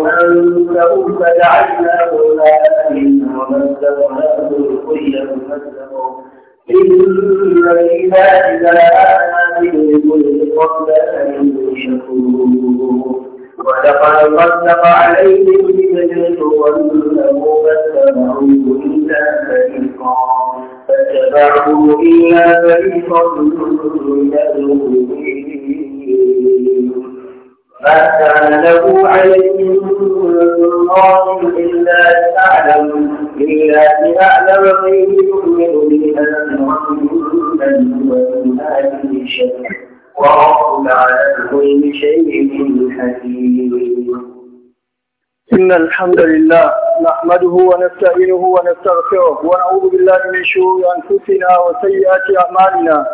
وأنهم فجعلناه آيات ومزقناه كل ممزق إن في ذلك لآيات لكل أن شكور ولقد صدق عليهم بجد وأنه فاتبعوا إلا فريقا فاتبعوا إلا فريقا من المؤمنين ما كان له عليهم الله إلا لتعلم إلا لتعلم من يؤمن بالآخرة من هو من هذه شيء وربك على كل شيء حكيم إن الحمد لله نحمده ونستعينه ونستغفره ونعوذ بالله من شرور أنفسنا وسيئات أعمالنا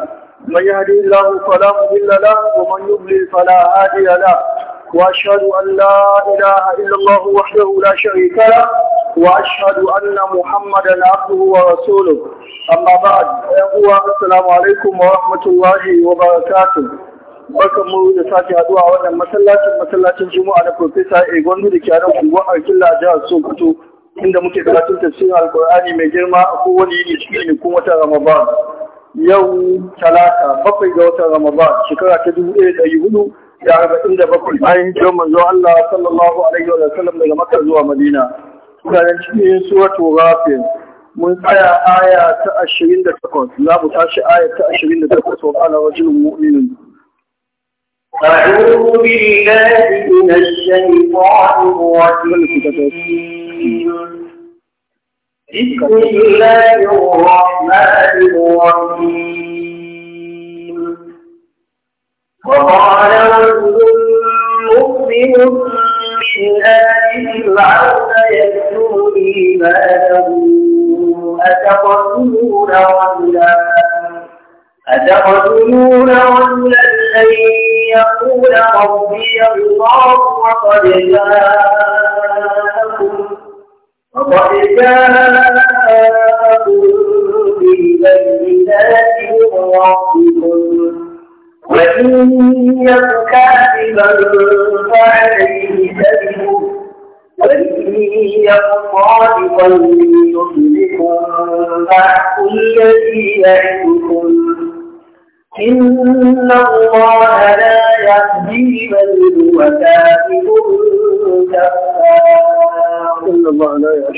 من يهدي الله فلا مضل له ومن يضلل فلا هادي له وأشهد أن لا إله إلا الله وحده لا شريك له وأشهد أن محمدا عبده ورسوله أما بعد السلام عليكم ورحمة الله وبركاته barkan mu da sake haduwa a wannan masallacin masallacin juma'a na profesa egwandu da ke nan kungon killa a jihar sokoto inda muke karatun tafsirin alkur'ani mai girma a kowane yini cikin ne kuma ta ramadan yau talata bakwai ga watan ramadan shekara ta dubu ɗaya da ɗari hudu da arba'in da bakwai bayan hijirar manzo Allah sallallahu alaihi wa sallam daga makka zuwa madina mutanen cikin suratu rafin mun tsaya aya ta ashirin da takwas za mu tashi aya ta ashirin da takwas wa ƙala rajulun mu'minin أعوذ بالله من الشيطان الرجيم بسم الله الرحمن الرحيم وقال رجل مؤمن من آل فرعون يكتب إيمانه أتقتلون رجلا أتقتلون رجلا أن يقول ربي الله وقد جاء وقد جاءكم بالبينات من ربكم وإن يك كاذبا فعليه كذبه وإن يك صادقا يصلكم بعث الذي يعدكم إن الله لا يهدي من هو كاذب كفار إن الله لا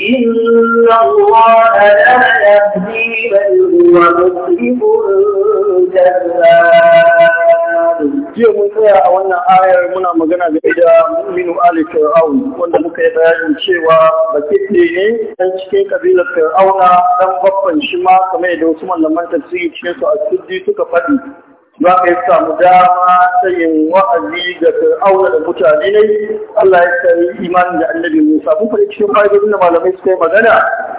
jiya mun tsaya a wannan ayar muna magana ga da Minu ali fir'aun wanda muka yi bayanin cewa bakiɗe ne ɗan cikin kabilar fir'auna ɗan babban shi ma kamar yadda wasu mallaman tafsiri cikin su a suka faɗi za ka yi samu dama ta yin wa'azi ga fir'auna da mutane ne Allah ya sani imanin da annabi Musa mun fara cikin fa'idodi da malamai suka yi magana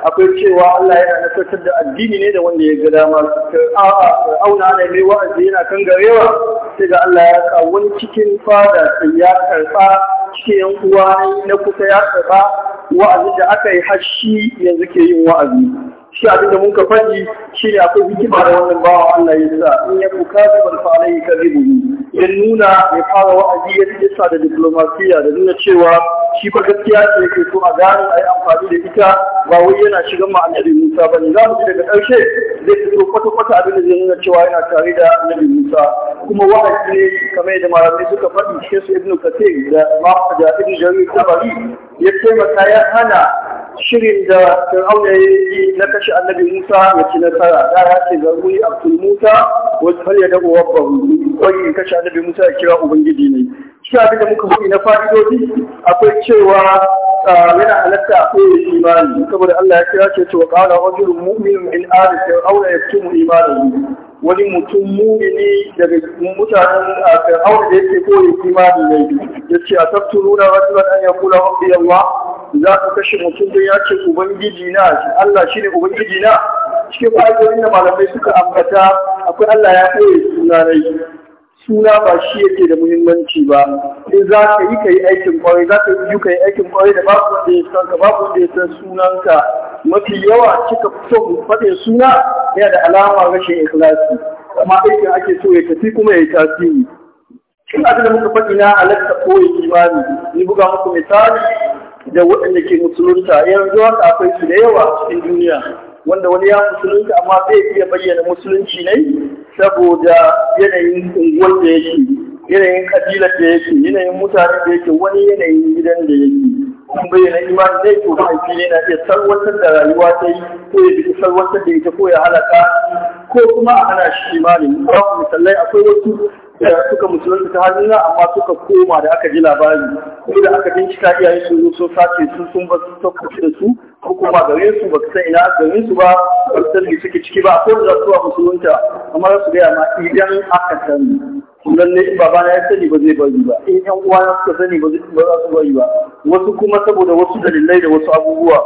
akwai cewa Allah yana nasartar da addini ne da wanda ya ga dama fir'auna ne mai wa'azi yana kan garewa sai ga Allah ya sa wani cikin fada sai ya karɓa cikin yan uwa na kusa ya karɓa wa'azi da aka yi shi yanzu ke yin wa'azi shi abinda mun ka faɗi shi ne akwai hikima da wannan bawa Allah ya sa in ya kuka da fa alai ka ya nuna ya fara wa'azi ya sa da diplomasiya da nuna cewa shi fa gaskiya ce yake so a gano yi amfani da ita ba wai yana shigan ma annabi Musa ba ne. za mu ji daga ƙarshe zai fito kwata-kwata abin da zai nuna cewa yana tare da annabi Musa kuma wahayi ne kamar yadda malamai suka faɗi shi su Ibn Kathir da Mahmud da Ibn Jarir Tabari ya taimaka ya hana shirin da Fir'aun ya yi na kashe annabi Musa ya ci nasara da ya ce yi Abdul Musa wasu hal ya dago wabba wani kashe annabi Musa ya kira Ubangiji ne shi abin da muka hudu na fa'idodi akwai cewa yana halatta akwai imani saboda Allah ya kira ce to qala rajulun mu'minun in ala fir'auna yaktumu imanahu wani mutum mumini daga mutanen aure da yake koyi imani Ya yace a tafturuna nuna an yaqula rabbi Allah za ka kashe mutum don ya ce ubangiji na Allah shine ubangiji na cikin fa'idodin da malamai suka ambata akwai Allah ya koyi sunanai suna ba shi yake da muhimmanci ba in za ka yi ka yi aikin kwarai za ka yi ka yi aikin kwarai da babu wanda ya san ka babu wanda ya san sunanka mafi yawa cika fito mu faɗe suna yana da alama rashin ikhlasi amma aikin ake so ya tafi kuma ya yi tasiri shin abin da muka faɗi na halatta ko imani ni buga muku misali da waɗanda ke musulunta yanzu haka akwai su da yawa a cikin duniya wanda wani ya musulunta amma zai iya bayyana musulunci ne saboda yanayin unguwar da yake yanayin kabilar da yake yanayin mutane da yake wani yanayin gidan da yake kun bayyana imani zai to mahaifi ne na iya salwantar da rayuwa ta yi ko ya bi salwantar da ita ko ya halaka ko kuma ana hana shi imani babu misalai akwai wasu da suka musulunta ta hannuna amma suka koma da aka ji labari ko da aka bincika iyayen su sun sace su sun ba su da su koma gare su ba san ina gare su ba baka san me suke ciki ba ko da zuwa musulunta amma su gaya ma idan aka sani ne in babana ya sani ba zai bari ba in yan uwana suka sani ba za su bari ba wasu kuma saboda wasu dalilai da wasu abubuwa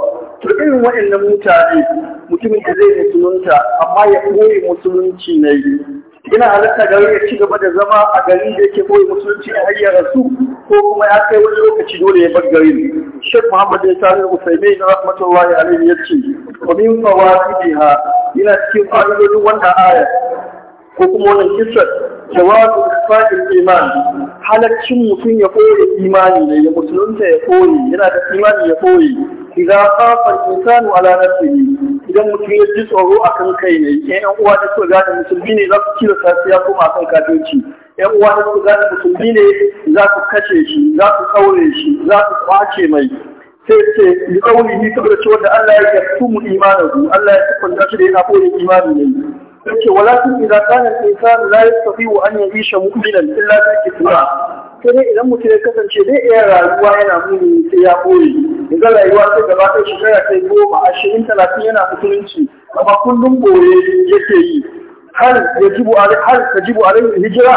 to irin waɗannan mutane mutumin da zai musulunta amma ya koyi musulunci na yi yana halatta gari ya ci gaba da zama a garin da yake koyi musulunci a hanyar rasu ko kuma ya kai wani lokaci dole ya bar garin shek muhammad bin salih usaimi na rahmatullahi alaihi ya ce wa min fawaidiha yana cikin fa'idodin wannan aya ko kuma wannan kisar jawabu isfatin iman halaccin mutum ya koyi imani ne ya musulunta ya koyi yana da imani ya koyi idan kafa insanu ala nafsihi idan mutum ya ji tsoro akan kai ne 'yan uwa da suka gane musulmi ne za su kira safiya kuma akan kafirci ‘yan uwa da su gane musulmi ne za su kashe shi, za su kaure shi, za su kwace mai. Sai ce, yi kauli ni saboda cewa da Allah ya yafi mu imanahu, Allah ya sifanta shi da yana koyi imani ne. yace walakin idan kana al-insan la wa an ya'isha mu'minan illa bi kifra sai dai idan mutum ya kasance dai iya rayuwa yana muni sai ya koyi idan rayuwa ta gaba ta shekara ta goma ashirin talatin yana musulunci amma kullum bore yake yi hal yajibu alai hal tajibu alai hijira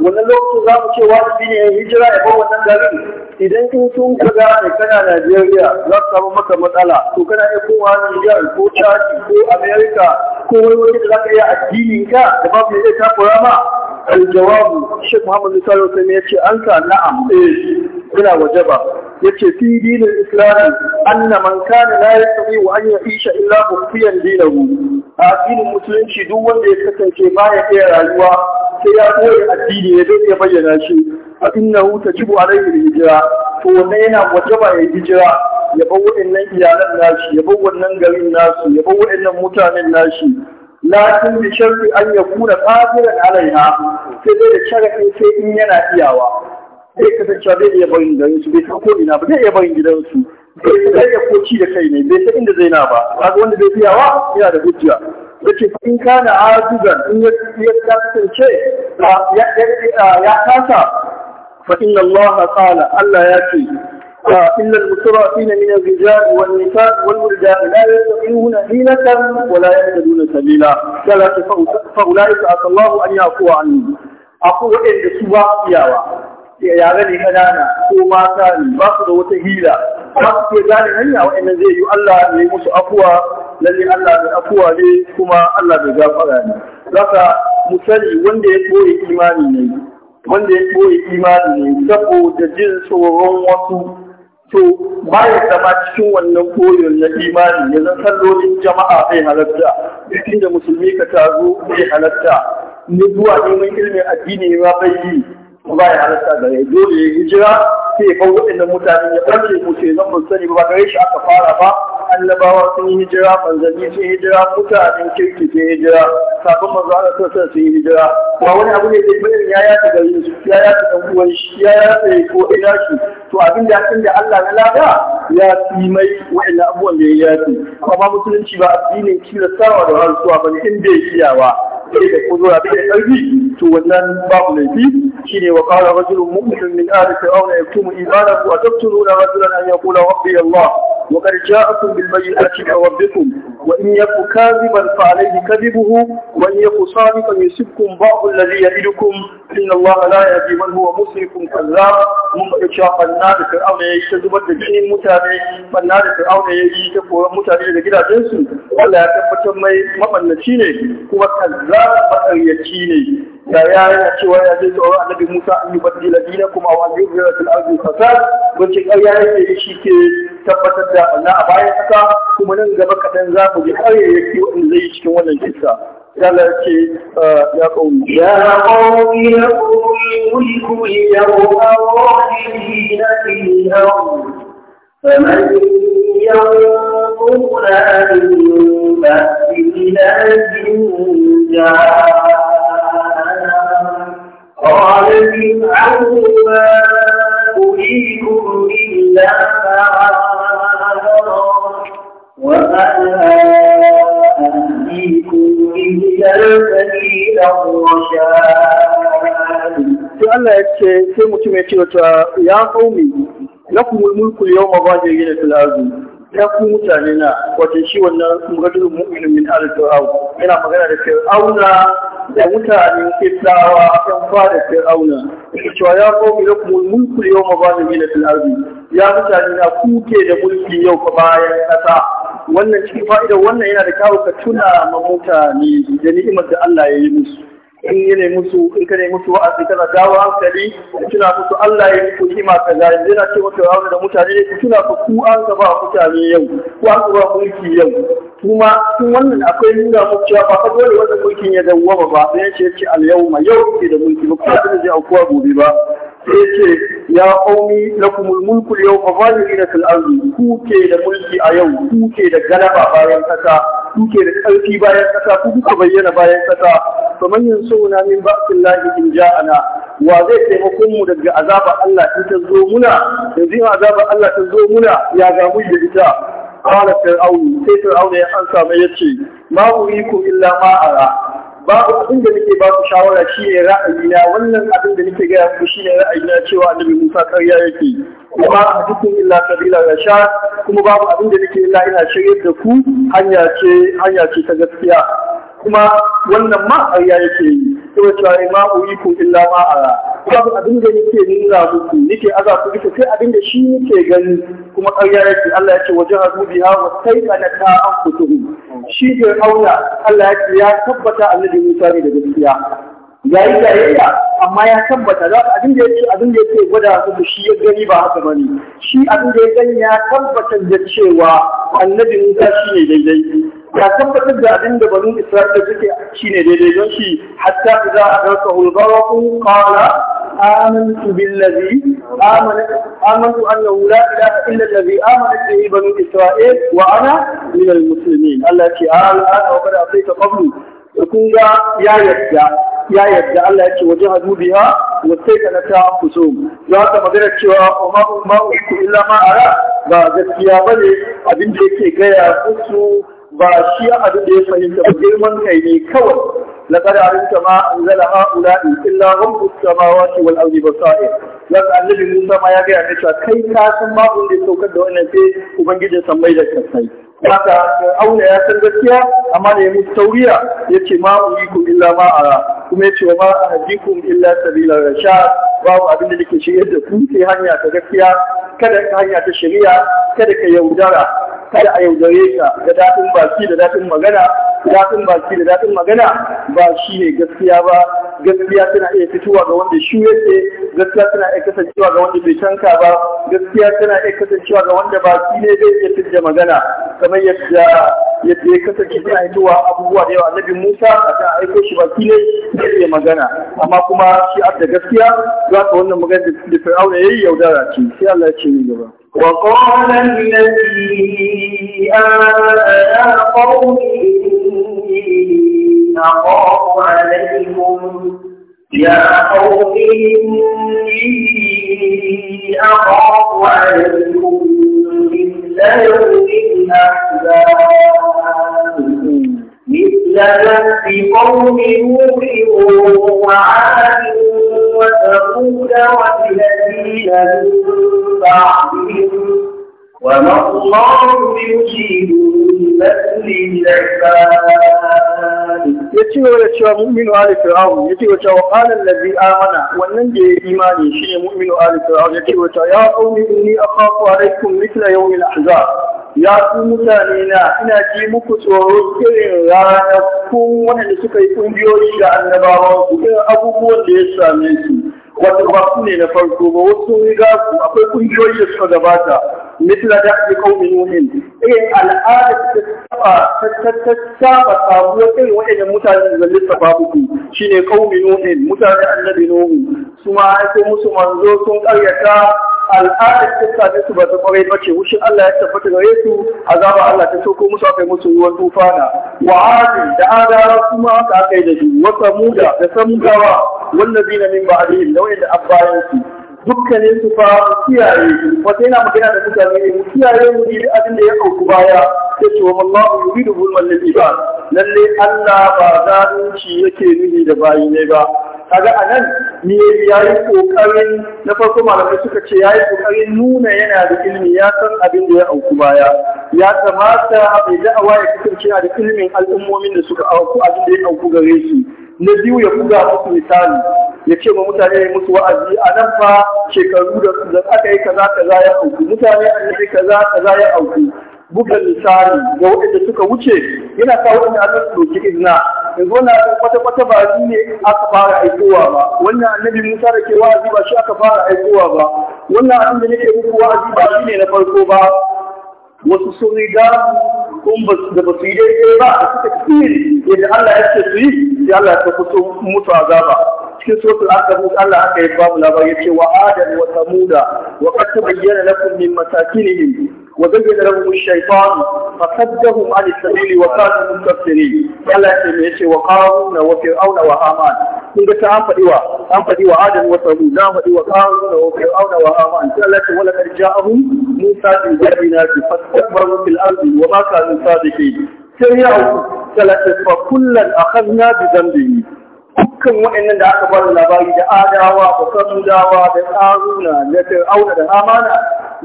wannan lokacin zamu mu ce wajibi ne ya bar wannan garin idan kin sun ka gane kana Najeriya za su samu maka matsala to kana iya kowa Niger ko Chad ko America ko wani wani da zaka iya addini ka da babu yadda ta kura ma jawabu, Sheikh Muhammad Sallallahu alaihi wasallam ya ce an sa na'am eh kuna wajaba yace fi dinin islami anna man kana la yastati wa an ya'isha illa mufiyan dinahu a addinin musulunci duk wanda ya kasance baya iya rayuwa sai ya koyi addini ya zai iya bayyana shi fa innahu a alaihi hijira to wannan yana wajaba ya hijira ya bar waɗannan iyalan nashi ya bar wannan garin nasu ya bar waɗannan mutanen nashi lakin bi sharri an ya yakuna qadiran alaiha sai dai da sharafin sai in yana iyawa sai kasance zai iya barin garinsu su bai san ko ina ba zai iya barin gidansu bai ya ko ci da kai ne bai san inda zai na ba kaga wanda bai wa yana da hujja yace in kana azugan in ya kasance ya kasa fa inna Allah qala Allah ya ce إلا المترفين من الرجال والنساء والولدان لا يستطيعون حيلة ولا يهتدون سبيلا فأولئك عسى الله أن يعفو عنهم أقول إن سوى إياها yare ne kanana ko mata ne ba su da wata hila ba su ke gane hanya zai yi Allah ne musu afuwa lalle Allah mai afuwa ne kuma Allah bai gafara ne zaka musali wanda ya koyi imani ne wanda ya koyi imani ne saboda jin tsoron wasu to baya zama cikin wannan koyon na imani ya zan jama'a bai halatta inda musulmi ka tazo bai halatta ne zuwa neman ilimin addini ma bai yi ba ya halatta gare dole ya yi hijira sai ya kawo waɗannan mutane ya ɓace mu ce zan ban sani ba gare shi aka fara ba annabawa sun yi hijira manzanni sun yi hijira mutanen kirki sun yi hijira Kafin manzo ana son son sun hijira ba wani abu ne da bayan ya yafi gare su ya yafi ɗan uwan shi ya yi ko ina shi to abin da yakin da Allah na lada ya fi mai waɗannan abubuwan da ya yi yafi amma musulunci ba addinin kila sawa da rantsuwa ba ne in bai ba. sai da kuzura bai da ƙarfi to wannan babu laifi shine wa qala rajulun mu'minun min ahli fir'auna yaktumu imanahu wa taqtuluna rajulan an yaqula rabbi Allah wa qad ja'akum bil bayyinati min rabbikum wa in yaku fa alayhi wa in yaku sadiqan yusibkum alladhi inna Allah la yahdi man huwa musrifun kazzab mun cewa banna da fir'auna yayi ta zubar da jinin mutane banna da fir'auna ta koran mutane daga gidajensu Allah ya tabbatar mai mabannaci ne kuma kazzab makaryaci ne da yana cewa ya je tsoro annabi Musa an yubaddila dinakum aw an yuzhira fil ardi fasad wace ƙarya yake shi ke tabbatar da Allah a bayan haka kuma nan gaba kaɗan za mu ji har yake wanda zai cikin wannan kissa Allah ya ce ya qaumi ya qaumi ya qaumi mulku yawma wajhina fil ardi فمن ينظر عن بأس الله جاء قال فرعون ما أريكم إلا وما أهديكم إلا سبيل الرشاد Allah ya ce sai mutum ya ce wata ya kaumi lakumul mulku yawma zahirina ya ku mutane na wato shi wannan mugadul mu'min min al yana magana da fir'auna da mutanen kisawa kan fara fir'auna yake cewa ya qawmi lakum al-mulku yawma zalimina fil ardi ya mutane na kuke da mulki yau fa bayan kasa wannan cikin fa'ida wannan yana da kawo ka tuna ma mutane da ni'imar da Allah ya yi musu in yi ne musu in ka ne musu wa'azi kana dawo hankali ka tuna musu Allah ya yi hima ka Yana yanzu na ce da mutane ne ku tuna ku ku an gaba a mutane yau ku an gaba mulki yau kuma tun wannan akwai nuna muku cewa ba fa dole wannan mulkin ya dawwama ba sai ya ce al yau ma yau ke da mulki ba ku da zai aukuwa gobe ba yake ce ya qaumi na mulku al-yawma zahirina fil ardi kuke da mulki a yau kuke da galaba bayan kasa kuke da karfi bayan kasa ku kuka bayyana bayan kasa to man yansuna min ba'dillahi in ja'ana wa zai taimakon mu daga azabar Allah in ta zo muna yanzu azabar Allah ta zo muna ya ga mu da ita qala fir'aun sai fir'aun ya ansa mai yace ma uriku illa ma babu abin da nake ba ku shawara shi ne na wannan abin da nake gaya ku shi ne na cewa annabi Musa ƙarya yake kuma a cikin illa sabila rasha kuma babu abin da nake illa ina shirye da ku hanya ce hanya ce ta gaskiya kuma wannan ma ƙarya yake yi saboda cewa ma uriku illa ma ara babu abin da nake nuna muku nake aza ku duka sai abin da shi yake gani kuma ƙarya yake Allah ya ce wajen hadu biha wa na ta anfusuhum shi ke auna Allah ya ce ya tabbata annabi Musa ne da gaskiya ya yi ya? amma ya tabbata za su abin da yake abin da yake gwada muku shi ya gani ba haka bane shi abin da ya gani ya tabbatar da cewa annabi Musa shine daidai ya tabbatar da abin da banu Isra'ila suke shine daidai don shi hatta idza adaka al-gharqu qala amantu billazi amanat amantu annahu la ilaha illa allazi amanat bihi banu Isra'il wa ana min al-muslimin Allah ya ce al'ana wa qad atayta qablu kun ga ya yadda Allah ya ce waje hadudiya wa sai ka na ta fito ya ta magana cewa umma umma ku illa ma'ara. ba gaskiya bane abin da yake gaya ya su ba shi abin da ya fahimta ba girman kai ne kawai la kad arinta ma anzala haula illa rabb samawati wal ardi basair ya ta annabi Musa ma ya gaya ya ce kai kasan san ma da saukar da wannan sai ubangiji san mai da kai haka auna ya san gaskiya amma ne ya tauriya ya ce ma uriku illa ma ara kuma ya ce wa ma ahdikum illa sabila rasha babu abin da nake shirye da ku sai hanya ta gaskiya kada hanya ta shari'a kada ka yaudara kada a yaudare ka da daɗin baki da daɗin magana daɗin baki da daɗin magana ba shi ne gaskiya ba gaskiya tana iya fitowa ga wanda shi yake gaskiya tana iya kasancewa ga wanda bai canka ba gaskiya tana iya kasancewa ga wanda baki ne zai iya fitar magana kamar yadda yadda ya kasance suna fitowa abubuwa da yawa annabi Musa a ta aiko shi baki ne zai iya magana amma kuma shi da gaskiya za ka wannan magana da Fir'auna ya yi yaudara ce sai Allah ya ce ni gaba وقال الذي آمن يا قوم إني أخاف عليكم يا قوم إني أخاف عليكم مثل يوم الأحزاب مثل ذنب قوم نوح وعاد وثمود والذين من بعدهم وما الله يجيب ya ci gaba da cewa mu'minu ali fir'aun ya ci wa cewa qala allazi amana wannan da ya imani shine mu'minu ali fir'aun ya ci gaba cewa ya qaumi inni akhafu alaykum mithla yawm al-ahzab ya ku mutane na ina ji muku tsoro irin ranakun wanda suka yi ƙungiyoyi da annabawan ku. irin abubuwan da ya same su wata ba su ne na farko ba wasu riga su akwai ƙungiyoyi da suka gabata مثل دأب قوم نوح إيه الآن تتسابة صابوة إيه وإذا متعلم من للتفابق شين قوم نوح متعلم النبي نوح سمع سمع سمع قريتا al'adar ta same ba ta kwarai ba ce wushin Allah ya tabbata gare su azaba Allah ta sauko musu aka yi musu ruwan tufana wa adi da adara kuma aka da shi wa samuda da samudawa wannan zina min da wa'inda abbayan dukkanin su fa kiyaye wata yana magana da mutane ne mu kiyaye mu yi abin da ya auku baya ya ce wa wallahu yuridu zulman lil ba. lalle Allah ba zalunci yake nuni da bayi ne ba kaga anan ni yayi kokarin na farko malamai suka ce yayi kokarin nuna yana da ilimi ya san abin da ya auku baya ya kamata bai da'awa ya kasance da ilimin al'ummomin da suka auku abin da ya auku gare su na biyu ya buga musu misali ya ce ma mutane musu wa'azi a nan fa shekaru da aka yi kaza kaza ya auku mutane annabi kaza kaza ya auku buga misali ga waɗanda suka wuce yana sa waɗanda an su doki izina yanzu wannan abin kwata-kwata ba ni ne aka fara aikowa ba wannan annabi musa da ke wa'azi ba shi aka fara aikowa ba wannan abin da nake muku wa'azi ba shi ne na farko ba wasu sun riga kun da ba su yi daidai ba a suka tsiri yadda Allah ya ce su yi sai Allah ya tafi mutu zaba. cikin suratul ankabut Allah aka yi babu labari ya ce wa adam wa samuda wa qad bayyana lakum min masakinihim وزين لهم الشيطان فصدهم عن السبيل وكانوا مستبصرين الله يسمي وقارون وفرعون وهامان kun ga ta an faɗi wa an faɗi wa adam wa samu na faɗi wa qarun wa auna wa haman sai Allah ta wala karja'ahu musa bin jabina fi fastakbaru fil ardi wa ma kanu sadiqin sai ya uku salatu fa kullan akhadna bi dhanbihi dukkan waɗannan da aka bada labari da adawa da da tsaruna, na fir'auna da amana.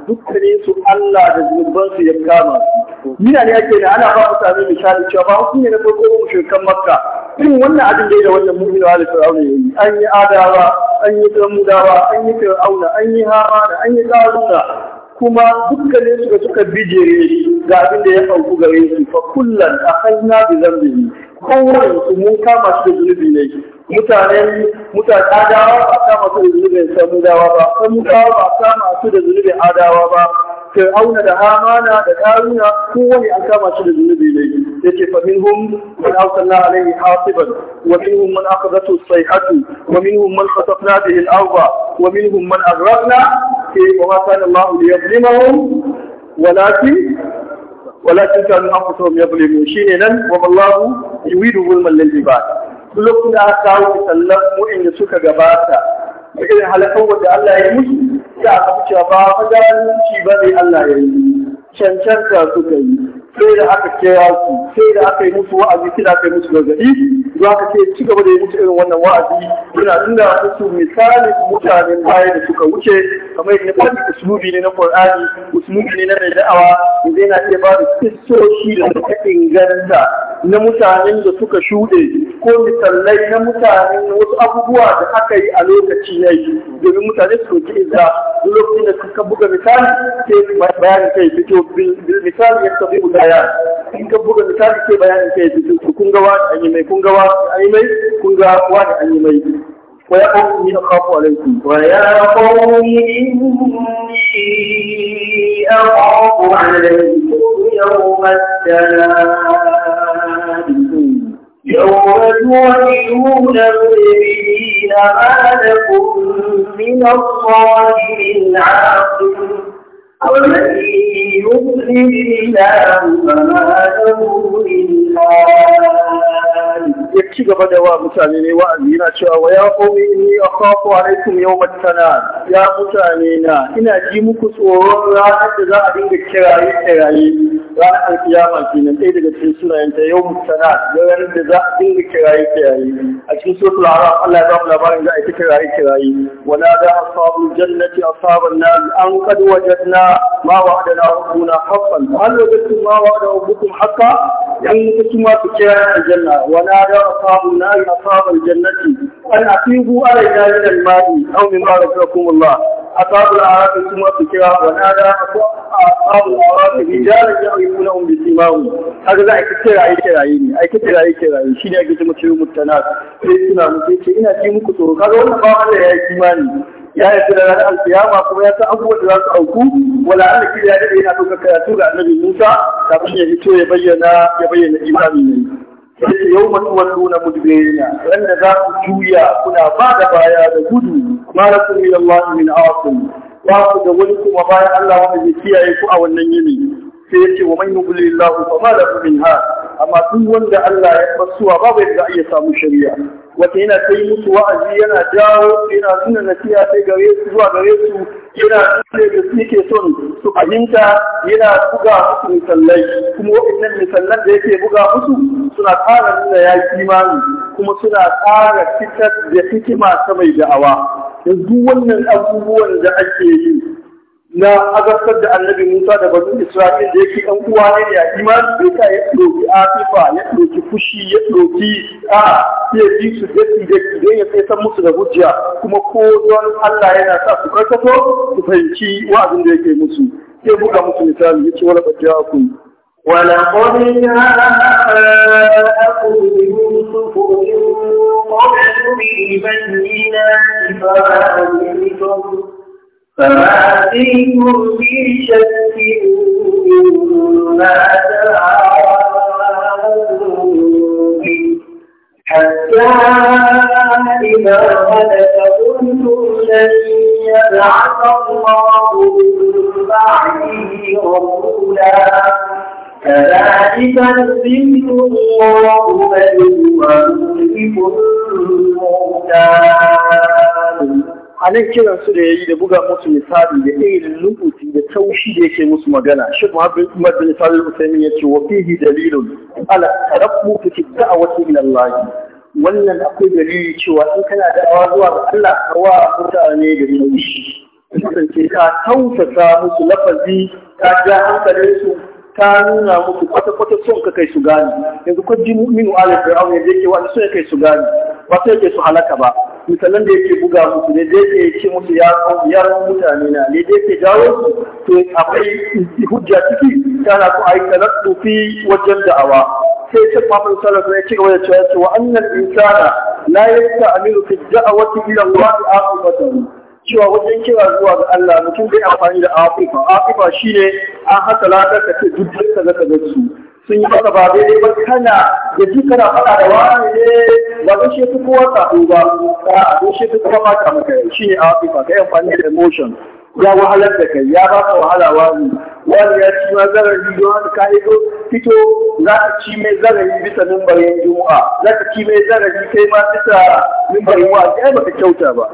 dukkanin su Allah da zunuban su ya kama su ne yake da ana ba sami misali cewa ba hukun ne na farko mu shirkan makka irin wannan abin da ya wannan mu'mina da fir'auna yayi an yi adawa an yi samudawa an yi fir'auna an yi hamana an yi karuna kuma dukkanin su da suka bijire ga abin da ya auku gare su fa kullan akhadna bi dhanbihi kowanne su mun kama su da zunubi ne mutanen mutane adawa ba kama su da zunubin dawa ba samudawa ba kama su da zunubin adawa ba auna da hamana da karuna kowane an kama su da zunubi ne yace fa minhum man awsalna alayhi hasiban wa minhum man akhadhatu sayhatu wa minhum man khatafna bihi al-arda wa minhum man aghraqna fi wa ma kana Allah liyadhlimahum walakin walakin kanu anfusuhum yadhlimun shine nan wa wallahu yuridu zulman lil ibad lokacin da aka kawo misallan mu'in da suka gabata da irin halakar wanda Allah ya yi sai aka fi cewa ba fa zalunci ba ne Allah ya yi cancanta suka yi sai da aka kira su sai da aka yi musu wa'azi sai da aka yi musu gargaɗi za ka ce ci gaba da yi musu irin wannan wa'azi yana nuna musu misali mutanen baya da suka wuce kamar yadda fadi usulubi ne na qur'ani usulubi ne na mai da'awa yanzu yana iya ba da kissoshi da suka inganta na mutanen da suka shuɗe ko misalai na mutanen wasu abubuwa da aka yi a lokaci na yi domin mutane su roƙi izza duk lokacin da suka buga misali sai bayanin kai fito misali ya tafi guda bayan in ka buga misali ke bayanin kai su kun ga wani an yi mai kun ga an yi mai kun ga wani an yi mai ويا قوم أخاف عليكم ويا قوم إني أخاف عليكم يوم التنادي يوم تولون مدبرين ما لكم من الله من عاقل ومن ya ci gaba da wa mutane ne wa'azi yana cewa wa ya qawmi inni akhafu alaykum yawm yau? tanan ya mutane na ina ji muku tsoron ranar da za a dinga kiraye kiraye ranar kiyama kenan ɗaya daga cikin sunayen ta yau at ranar da za a dinga kiraye kiraye a cikin suratul araf Allah ya ba labarin za a yi kiraye kiraye wala da ashabul jannati ashaban nar an wajen wajadna ma wa'adana rabbuna haqqan hal wajadtum ma wa'ada rabbukum haqqan yan kuma ku kira aljanna wa nada ashabu nar ashab aljannati an afibu alayna min al-ma'i aw mimma razaqakum Allah ashab al-araf kuma ku kira wa nada ashabu al-araf rijal ya'rifunahum bi simahum kaga za a kira ai kira ne ai kira ai kira shi ne ake cewa mutana sai suna ina ji muku tsoro kaga wannan wanda ya yi imani ya yi da ranar alkiyama kuma ya san abubuwan da za su auku wala Allah kiri ya dade yana ɗaukar karatu ga annabi Musa kafin ya fito ya bayyana ya bayyana imani ne sai yau man Randa mudbirina wanda za ku juya kuna ba da baya da gudu ma lakum min Allah min ba ku da wani kuma bayan Allah wanda zai kiyaye ku a wannan yini sai ya ce wa man yubli Allah fa ma lahu min ha amma duk wanda Allah ya basuwa babu yadda iya samu shari'a wata yana kai musu wa'azi yana jawo yana nuna nasiha sai gare su zuwa gare su yana nuna da su yake son su fahimta yana buga musu misallai kuma waɗannan misallan da yake buga musu suna ƙara nuna ya kimani kuma suna ƙara fitar da hikima ta mai da'awa yanzu wannan abubuwan da ake yi na azabtar da annabi Musa da banu Isra'il da yake ɗan uwa ne ya imani duka ya ɗauki atifa ya ɗauki fushi ya ɗauki a ya ji su daki daki don ya san musu da hujja kuma ko don Allah yana sa su karkato su fahimci wa'azin da yake musu sai buga musu misali yace wala wala ولقد جاءكم aqulu من قبل بالبينات فآمنتم فما فيكم في شك مما تعارضون به حتى إذا هلك قلتم لن يبعث الله من بعده رسولا كذلك يضل الله من هو مهلك المعتاد a nan kiran su da yi da buga musu misali da irin lubuti da taushi da yake musu magana shi Muhammad da bin Salih ya ce wa fihi dalilun ala tarabbu fi da'wati ila Allah wannan akwai dalili cewa in kana awa zuwa ga Allah kawa mutane da taushi kasance ka tausasa musu lafazi ka ja hankalinsu ta nuna musu kwata-kwata son ka kai su gani yanzu kwajin mu'minu ala fir'aun yadda yake wani so ya kai su gani ba sai kai su halaka ba misalan da yake buga musu ne da yake ce musu ya mutane na ne da yake jawo su to akwai hujja ciki tana ku ai talattu fi wajen da'awa sai ce Muhammad mun alaihi ya ci gaba da cewa cewa annal insana la yasta'milu fi da'awati ila Allah aqibatan cewa wajen kira zuwa ga Allah mutum bai amfani da aqifa aqifa shine an haka ladar ka ce duk da zaka kaza su sun yi masa ba daidai ba kana da ji kana faɗa da wani ne ba don shi fi kowa sabo ba a don shi fi kuma mata maka shi ne a wasu ka yi amfani da emotion ya wahalar da kai ya ba ka wahala wani wani ya ci ma zarari don haka ka yi fito za ka ci mai zarari bisa mimbarin juma'a za ka ci mai zarari kai ma bisa mimbarin wa'azi ba baka kyauta ba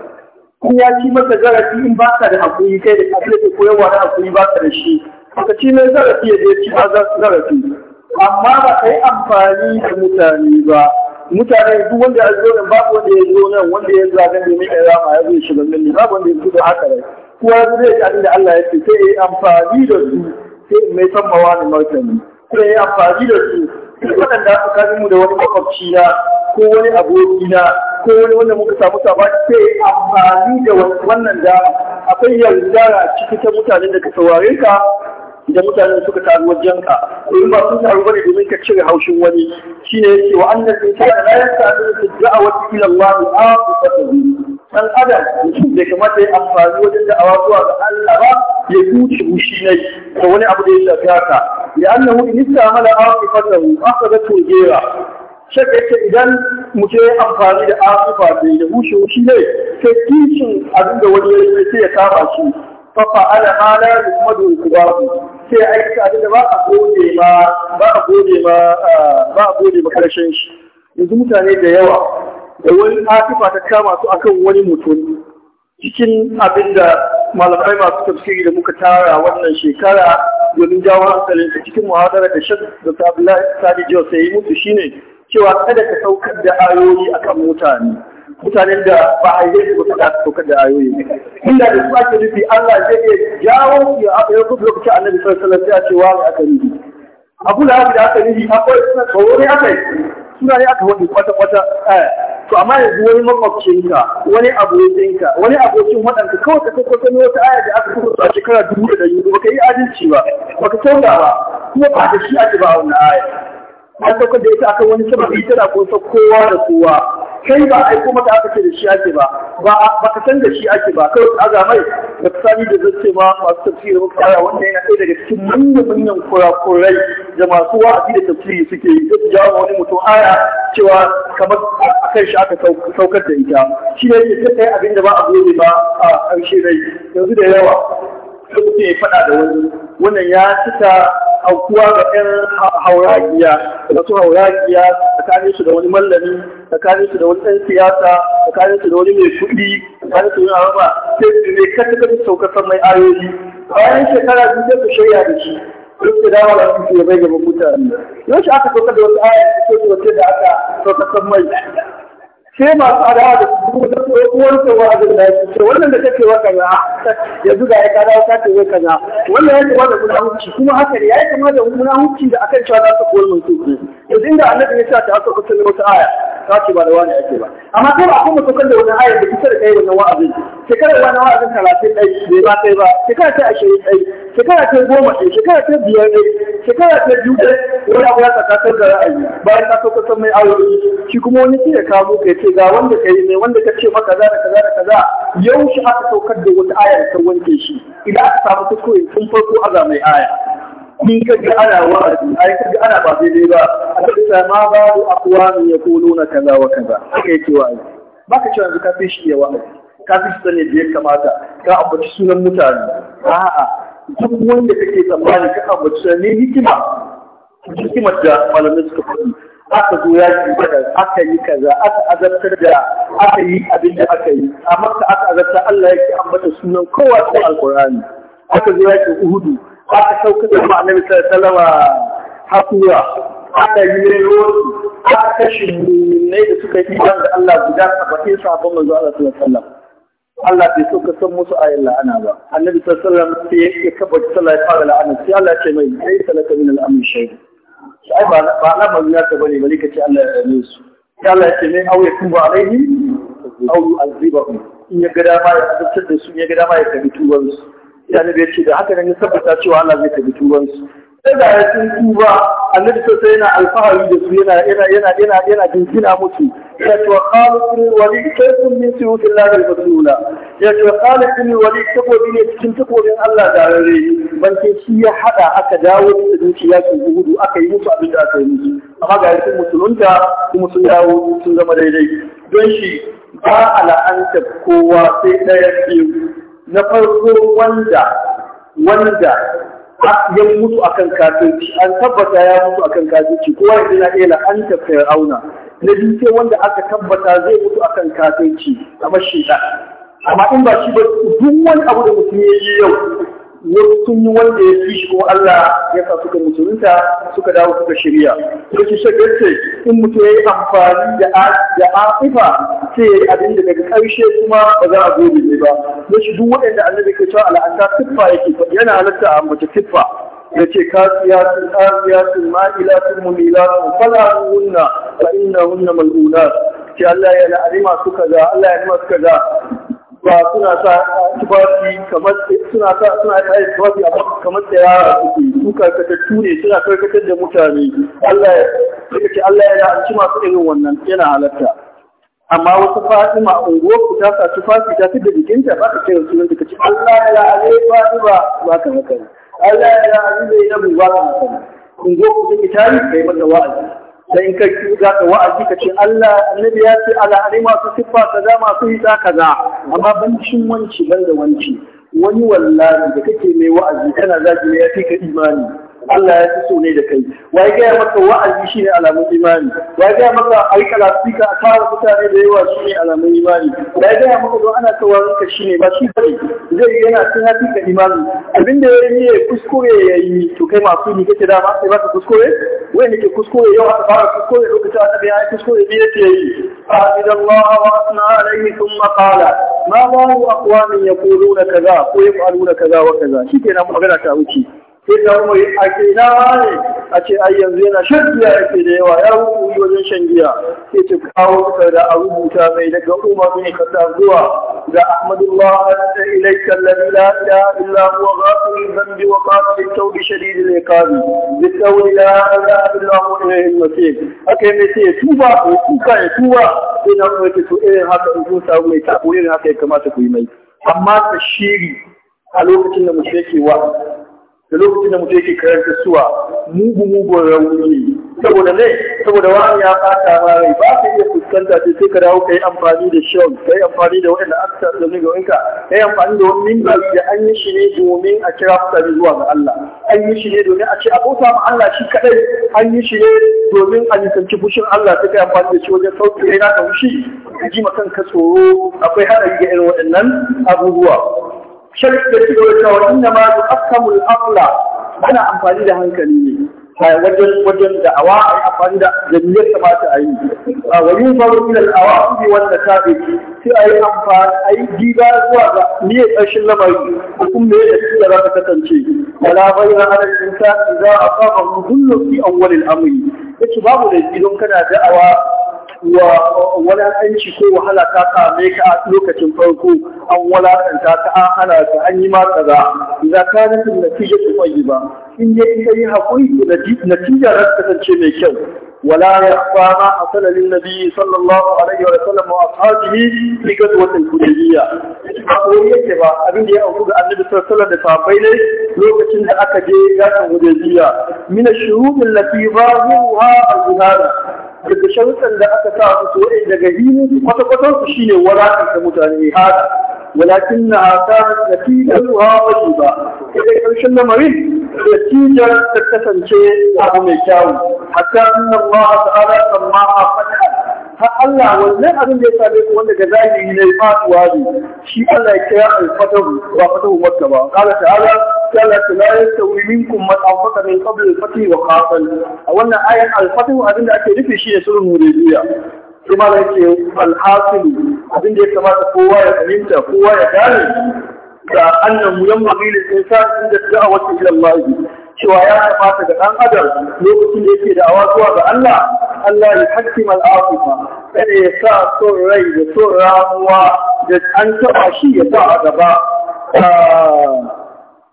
kun ya ci masa zarafi in ba ka da hakuri kai da abin da koyarwa na hakuri ba ka da shi ka ci mai zarafi ya je ci ma zarafi amma ba ka yi amfani da mutane ba mutane duk wanda ya zo nan babu wanda ya zo nan wanda ya zaga ne mai rama ya zo shiga nan babu wanda ya zo da haka rai kowa ya zai ji abin da Allah ya ce sai ya yi amfani da su sai mai san mawa da martani sai ya yi amfani da su duk waɗanda aka kani mu da wani makwabci na ko wani aboki na ko wani wanda muka samu saba sai ya yi amfani da wannan dama akwai yarda ciki ta mutanen da ka saurare ka idan mutane suka taru wajen ka in ba sun taru bane domin ka cire haushin wani Shi ne yake wa annal insana la yasta'du fi da'wati ila Allah aqfatuhu dan adam da bai kamata ya amfani wajen da awa zuwa ga Allah ba ya huce mushi ne da wani abu da ya shafi haka ya annahu in istamala aqfatuhu aqadatu jira shaka yake idan muke amfani da asufa da ya hushe shi ne sai kishin abin da wani ya yi sai ya kama shi ففعل ما لا يحمد sai aikata da ba a gode ma ba a gode ma ba a gode ma karshen shi yanzu mutane da yawa da wani atifa ta kama su akan wani mutum cikin abinda malamai masu tafsiri da muka tara wannan shekara domin jawo hankalin su cikin muhadara da shak da sabila sadi jiya sai musu shine cewa kada ka saukar da ayoyi akan mutane mutanen da ba a yi su da su da ayoyi inda da su ake nufi Allah zai iya jawo ya aka yi kuma lokacin annabi sallallahu alaihi wasallam sai a ce wani aka nufi abu da haka da aka nufi akwai suna tsoro ne aka yi suna ne aka wani kwata kwata eh. to amma yanzu wani makwabcinka wani abokinka wani abokin waɗanda kawai ka kai ne wata aya da aka kuka a shekara dubu da ɗari ba ka yi adalci ba ba ka sauka ba kuma ba da shi ake ba wani wannan aya an saukar da ita akan wani sababi tana kusa kowa da kowa kai ba aiko mata aka ce da shi ake ba ba ka san da shi ake ba kai a mai da sani da zai ma masu tafsiri ba tsaya wanda yana ɗaya daga cikin manyan manyan kurakurai da masu wa'azi da tafsiri suke yi zai jawo wani mutum aya cewa kamar a kan shi aka saukar da ita shi ne yake kai abin da ba a gode ba a ƙarshe dai yanzu da yawa sai mutum ya faɗa da wani wannan ya cika aukuwa ga 'yan hauragiya da su hauragiya tsakanin su da wani mallami tsakanin su da wani ɗan siyasa tsakanin su da wani mai kuɗi tsakanin su da wani ba sai su ne kata kata saukar mai ayoyi bayan shekara biyu sai su shirya da shi duk da dama da su ke bai gaba mutane yau shi aka saukar da wata aya da ke wace da aka saukar mai sai masu adawa da su kuma da wani tsohuwar abin da ya ce wannan da kake wa kaza yanzu ga ya kada wata ce wai kaza wannan ya kama da muna hukunci kuma haka ne ya kama da muna hukunci da akan cewa za su koyi mai tsohuwa duk inda annabi ya ce ta aka kusa ne wata aya ta ce ba da wani ake ba amma kai ba kuma tukar da wani aya da kusa da kai wannan wa'azin shekarar wani wa'azin talatin dai bai ba kai ba shekara ta ashirin ɗai shekara ta goma ɗai shekara ta biyar ɗai shekara ta biyu ɗai wani abu ya tsakatar da ra'ayi bayan ka so san mai aure shi kuma wani ke da kawo kai ce ga wanda kai ne wanda ka ce maka kaza da kaza da kaza yau shi aka saukar da wata aya ta wanke shi idan aka samu kuskure tun farko aza mai aya in ka ji ana wa'azi ai ka ji ana ba daidai ba a ma ba da aqwami na kaza wa kaza kai ce wa'azi baka cewa yanzu ka fi shi ya wa'azi ka fi sani biyar kamata ka ambaci sunan mutane a'a duk wanda kake tsammani ka ambaci sunan ne hikima hikimar da malamai suka faɗi aka zo ya ji da aka yi kaza aka azabtar da aka yi abin da aka yi amma ka aka azabta Allah yake ambata sunan kowa cikin alkur'ani aka zo ya ce uhudu aka sauka da annabi sallallahu alaihi hakuwa aka yi rosu aka kashi, ne da suka yi da Allah guda saba'in sabon manzo Allah sallallahu alaihi Allah bai so ka san musu ayin la'ana ba annabi sallallahu alaihi wasallam sai yake kabaci sallah ya fara la'ana sai Allah ce mai sai salaka min al-amr shay'in sai ba ba al'amari ya ta bane bari ka ce Allah ya rame su sai Allah ya ce mai aure tuba alaihim au azibahum in ya ga dama ya da su in ya ga dama ya tabi tubansu mutane ya ce da haka nan ya tabbata cewa ana zai tabi tubansu sai da ya sun tuba annabi sai yana alfahari da su yana yana yana yana yana jinjina musu ya ce khalid wali kaykum min suyutillah al-masula ya ce khalid wali takobi ne cikin takobin Allah da rare bankin shi ya hada aka dawo da dukiya su gudu aka yi musu abin da aka yi musu amma ga yasin musulunta kuma sun dawo sun zama daidai don shi ba ala'anta kowa sai ɗaya ke na farko wanda wanda ya mutu akan kafirci an tabbata ya mutu akan kafirci kowa ya na an la'anta fir'auna na biyu sai wanda aka tabbata zai mutu akan kafirci mashi shi amma in ba shi ba duk wani abu da mutum ya yi yau sun yi wanda ya fi shi kuma Allah ya sa suka musulunta suka dawo suka shirya. Sai su shakar ce in mutum ya yi amfani da asifa sai ya yi abin da daga ƙarshe kuma ba za a gobe ne ba. Ya shi duk waɗanda annabi ke cewa al'anta tiffa yake yana halatta a mace tiffa. Ya ce kasiyatun kasiyatun ma'ilatun mumilatun fala'unna fa hunna mal'unat. Ce Allah ya la'ari masu kaza, Allah ya la'ari masu kaza. ba suna sa tufafi kamar suna sa suna sa tufafi amma kamar tsayara suke su karkatattu ne suna karkatar da mutane Allah ya ce Allah ya la'anci masu irin wannan yana halatta amma wasu Fatima unguwar ku ta sa tufafi ta fidda jikinta ba ka kira sunan da kace Allah ya la'ane Fatima ba ka haka Allah ya la'ane Zainabu ba ka haka unguwar ku take tarihi kai mata wa'azi sai in kai ga ka wa'azi kace Allah annabi ya ce al'ani masu siffa kaza masu hita kaza amma ban cin wanci ban da wanci wani wallahi da kake mai wa'azi kana zagi ne ya fi ka imani Allah ya fi so ne da kai wa ya gaya maka wa'azi shine alamun imani wa ya gaya maka aika lafika a kawo mutane da yawa shine alamun imani wa ya gaya maka don ana kawarin ka ne ba shi bane zai yana cin hafi ka imani abinda ya yi ya kuskure ya yi to kai masu ni kake dama sai ba ka kuskure wai ne ke kuskure yau aka fara kuskure lokacin annabi ya kuskure ne yake yi فأحمد الله وأثنى عليه ثم قال ما الله أقوام يقولون كذا ويفعلون كذا وكذا magana ta wuce. sai ta umar a ke ne a ce ai yanzu yana shan giya yake da yawa ya rubu wajen shan giya sai ce kawo da a rubuta mai daga umar bin khattab zuwa ga ahmadullah hatta ilayka alladhi la ilaha illa huwa ghafirul dhanbi wa qatilul tawbi shadidul iqab bitawli la ilaha illa huwa ilayhi al-masir haka mai sai ya tuba ya tuka ya tuba sai na umar ta to irin haka in kun samu mai tabo irin haka ya kamata ku yi mai amma shiri a lokacin da mutum yake wa da lokacin da mutum yake karanta suwa mugu mugun rauni saboda ne saboda wani ya fata ma rai ba ka iya fuskanta sai sai ka dawo kai amfani da ka yi amfani da wani aksa da ga wanka yi amfani da wani mimbar da an yi shi ne domin a kira mutane zuwa ga Allah an yi shi ne domin a ce a abota ma Allah shi kadai an yi shi ne domin a nisanci fushin Allah sai yi amfani da shi wajen sauki kai na ka fushi ka ji ma kanka tsoro akwai haɗari ga irin waɗannan abubuwa shari'a da ci gaba cewa inna ma tuqamul aqla ana amfani da hankali ne wajen wajen da'awa a yi amfani da jami'ar ta mata a yi wa yin faru awa a ne wanda ta beki sai a yi amfani a yi gida zuwa ga niyyar ƙarshen lamari ko kuma yadda su da za ta kasance wala bai na ana za a fara hullu fi awwalil amri yace babu da idan kana da'awa walakanci ko wahala ta same ka a lokacin farko an walakanta ta an hana ta an yi Za ma kaza idza kanat natijatu tayyiba in dai kai hakuri da ta kasance mai kyau Wala ya ولا يخفى ما حصل للنبي صلى الله عليه وسلم واصحابه في غزوه الحديبيه akwai yake ba abin da ya auku ga annabi sallallahu alaihi da sahabbai ne lokacin da aka je gasan hudaybiya min ash-shuhub allati bazuha al-buhara daga sharuɗan da aka sa su soye daga hini kwata-kwatan su shine wadatanta mutane haka walakin na haka na tilar ruwa wasu ba sai ƙarshen lamarin da tilar ta kasance abu mai kyawu hatta annan ma ta'ala kan ma a har Allah wannan abin da ya same ku wanda ga zahiri ne fatuwa ne shi Allah ya kira al-fatahu ba fatahu makka ba qala ta'ala qala la yastawi minkum man anfaqa min qabl al-fath wa qatal a wannan ayat al-fatahu abin da ake nufi shi ne sulhul hudaybiya kuma da yake al-hasil abin da ya kamata kowa ya fahimta kowa ya gane da annahu yanbaghi lil-insan inda da'awati ila Allah cewa ya kamata ga ɗan adam lokacin da yake da awa zuwa ga Allah Allah ya hakima al'afifa kada ya sa son rai da son ramuwa da an taɓa shi ya sa a gaba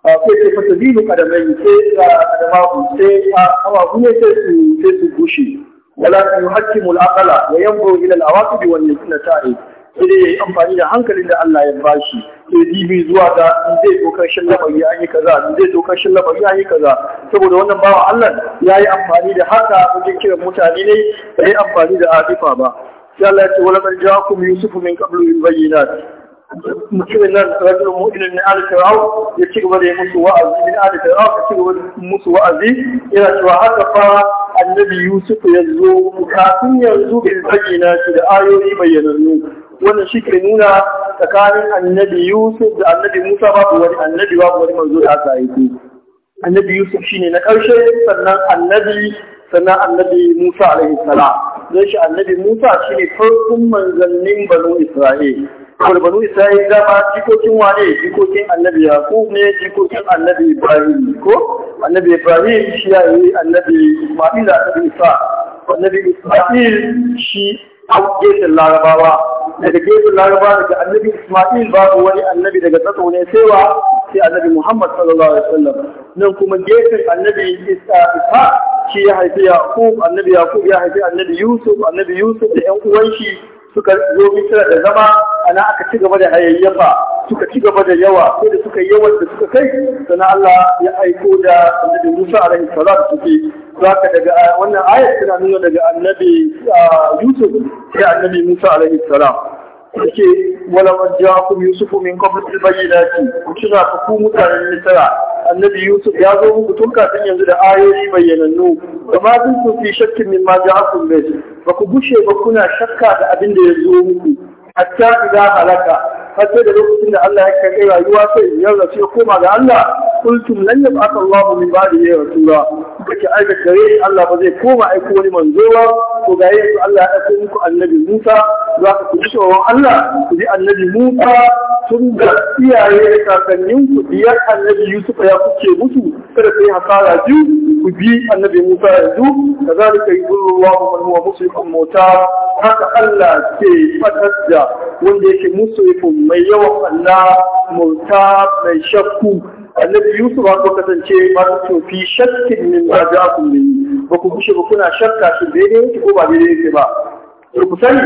akwai ah, ah, ce fata biyu kadamai sai ku sai a ku ne sai su sai su bushe wala yuhakkimu al'aqala wa yanzuru bi al'awaqib wal nati'ati sai ya yi amfani da hankalin da Allah ya bashi sai dibi zuwa da zai zo karshen lamari an yi kaza zai zo karshen lamari an yi kaza saboda wannan bawa Allah ya yi amfani da haka wajen kiran mutane ne bai amfani da adifa ba sai Allah ya ce wala man ja'akum yusufu min qablu bil bayyinat mutumin nan rajulun mu'minin min ali fir'aun ya ci gaba da musu wa'azi min ali fir'aun ya ci gaba da musu wa'azi yana cewa haka fa annabi yusuf ya zo kafin yanzu bil bayyinat da ayoyi bayyanannu wannan shi ke nuna tsakanin annabi Yusuf da annabi Musa babu wani annabi babu wani manzo da aka haifi. annabi Yusuf shi ne na ƙarshe sannan annabi sannan annabi Musa alaihi salam Zai shi annabi Musa shi ne farkon manzannin banu Isra'il kuma banu Isra'il ma jikokin wane jikokin annabi Yaqub ne jikokin annabi Ibrahim ko annabi Ibrahim shi ya yi annabi Isma'il annabi Isa annabi Isma'il shi a gefen Larabawa daga gefen laraba daga annabi Ismail babu wani annabi daga tsatso ne sai wa sai annabi Muhammad sallallahu alaihi wasallam nan kuma gefen annabi Isa shi ya haifi Yaqub annabi Yaqub ya haifi annabi Yusuf annabi Yusuf da ƴan uwan shi suka zo misira da zama ana aka ci gaba da hayayyafa suka ci gaba da yawa ko da suka yi yawan da suka kai sana Allah ya aiko da annabi Musa alaihi salatu suke zaka daga wannan ayat tana nuna daga annabi ah, Yusuf sai annabi Musa alaihi salam yake wala ja'akum yusufu min qabl al-bayyinati ku ku mutanen misra annabi yusuf ya zo muku tun kafin yanzu da ayoyi bayyanannu kama sun fi shakkin min ma ja'akum ba ku gushe ba kuna shakka da abin da ya zo muku hatta idan halaka sai da lokacin da Allah ya kai rayuwa sai ya koma ga Allah kultum lan yab'atha Allahu min da rasula kuka ce ai da gare Allah ba zai koma aiko wani manzo ba ko ga yanzu Allah ya muku annabi Musa za ku ji tsoron Allah ku ji annabi Musa tun da iyaye da kakannin ku biyar annabi Yusuf ya kuke musu kada ku yi hasara biyu ku bi annabi Musa yanzu kazalika yudullahu man huwa musrifun mota haka Allah ke fatar da wanda yake musrifun mai yawan Allah mauta mai shakku annabi Yusuf ko kasance ba su fi shakkin min ba da ku yi ba ku kushe ba kuna shakka shi daidai yake ko ba daidai yake ba ku sani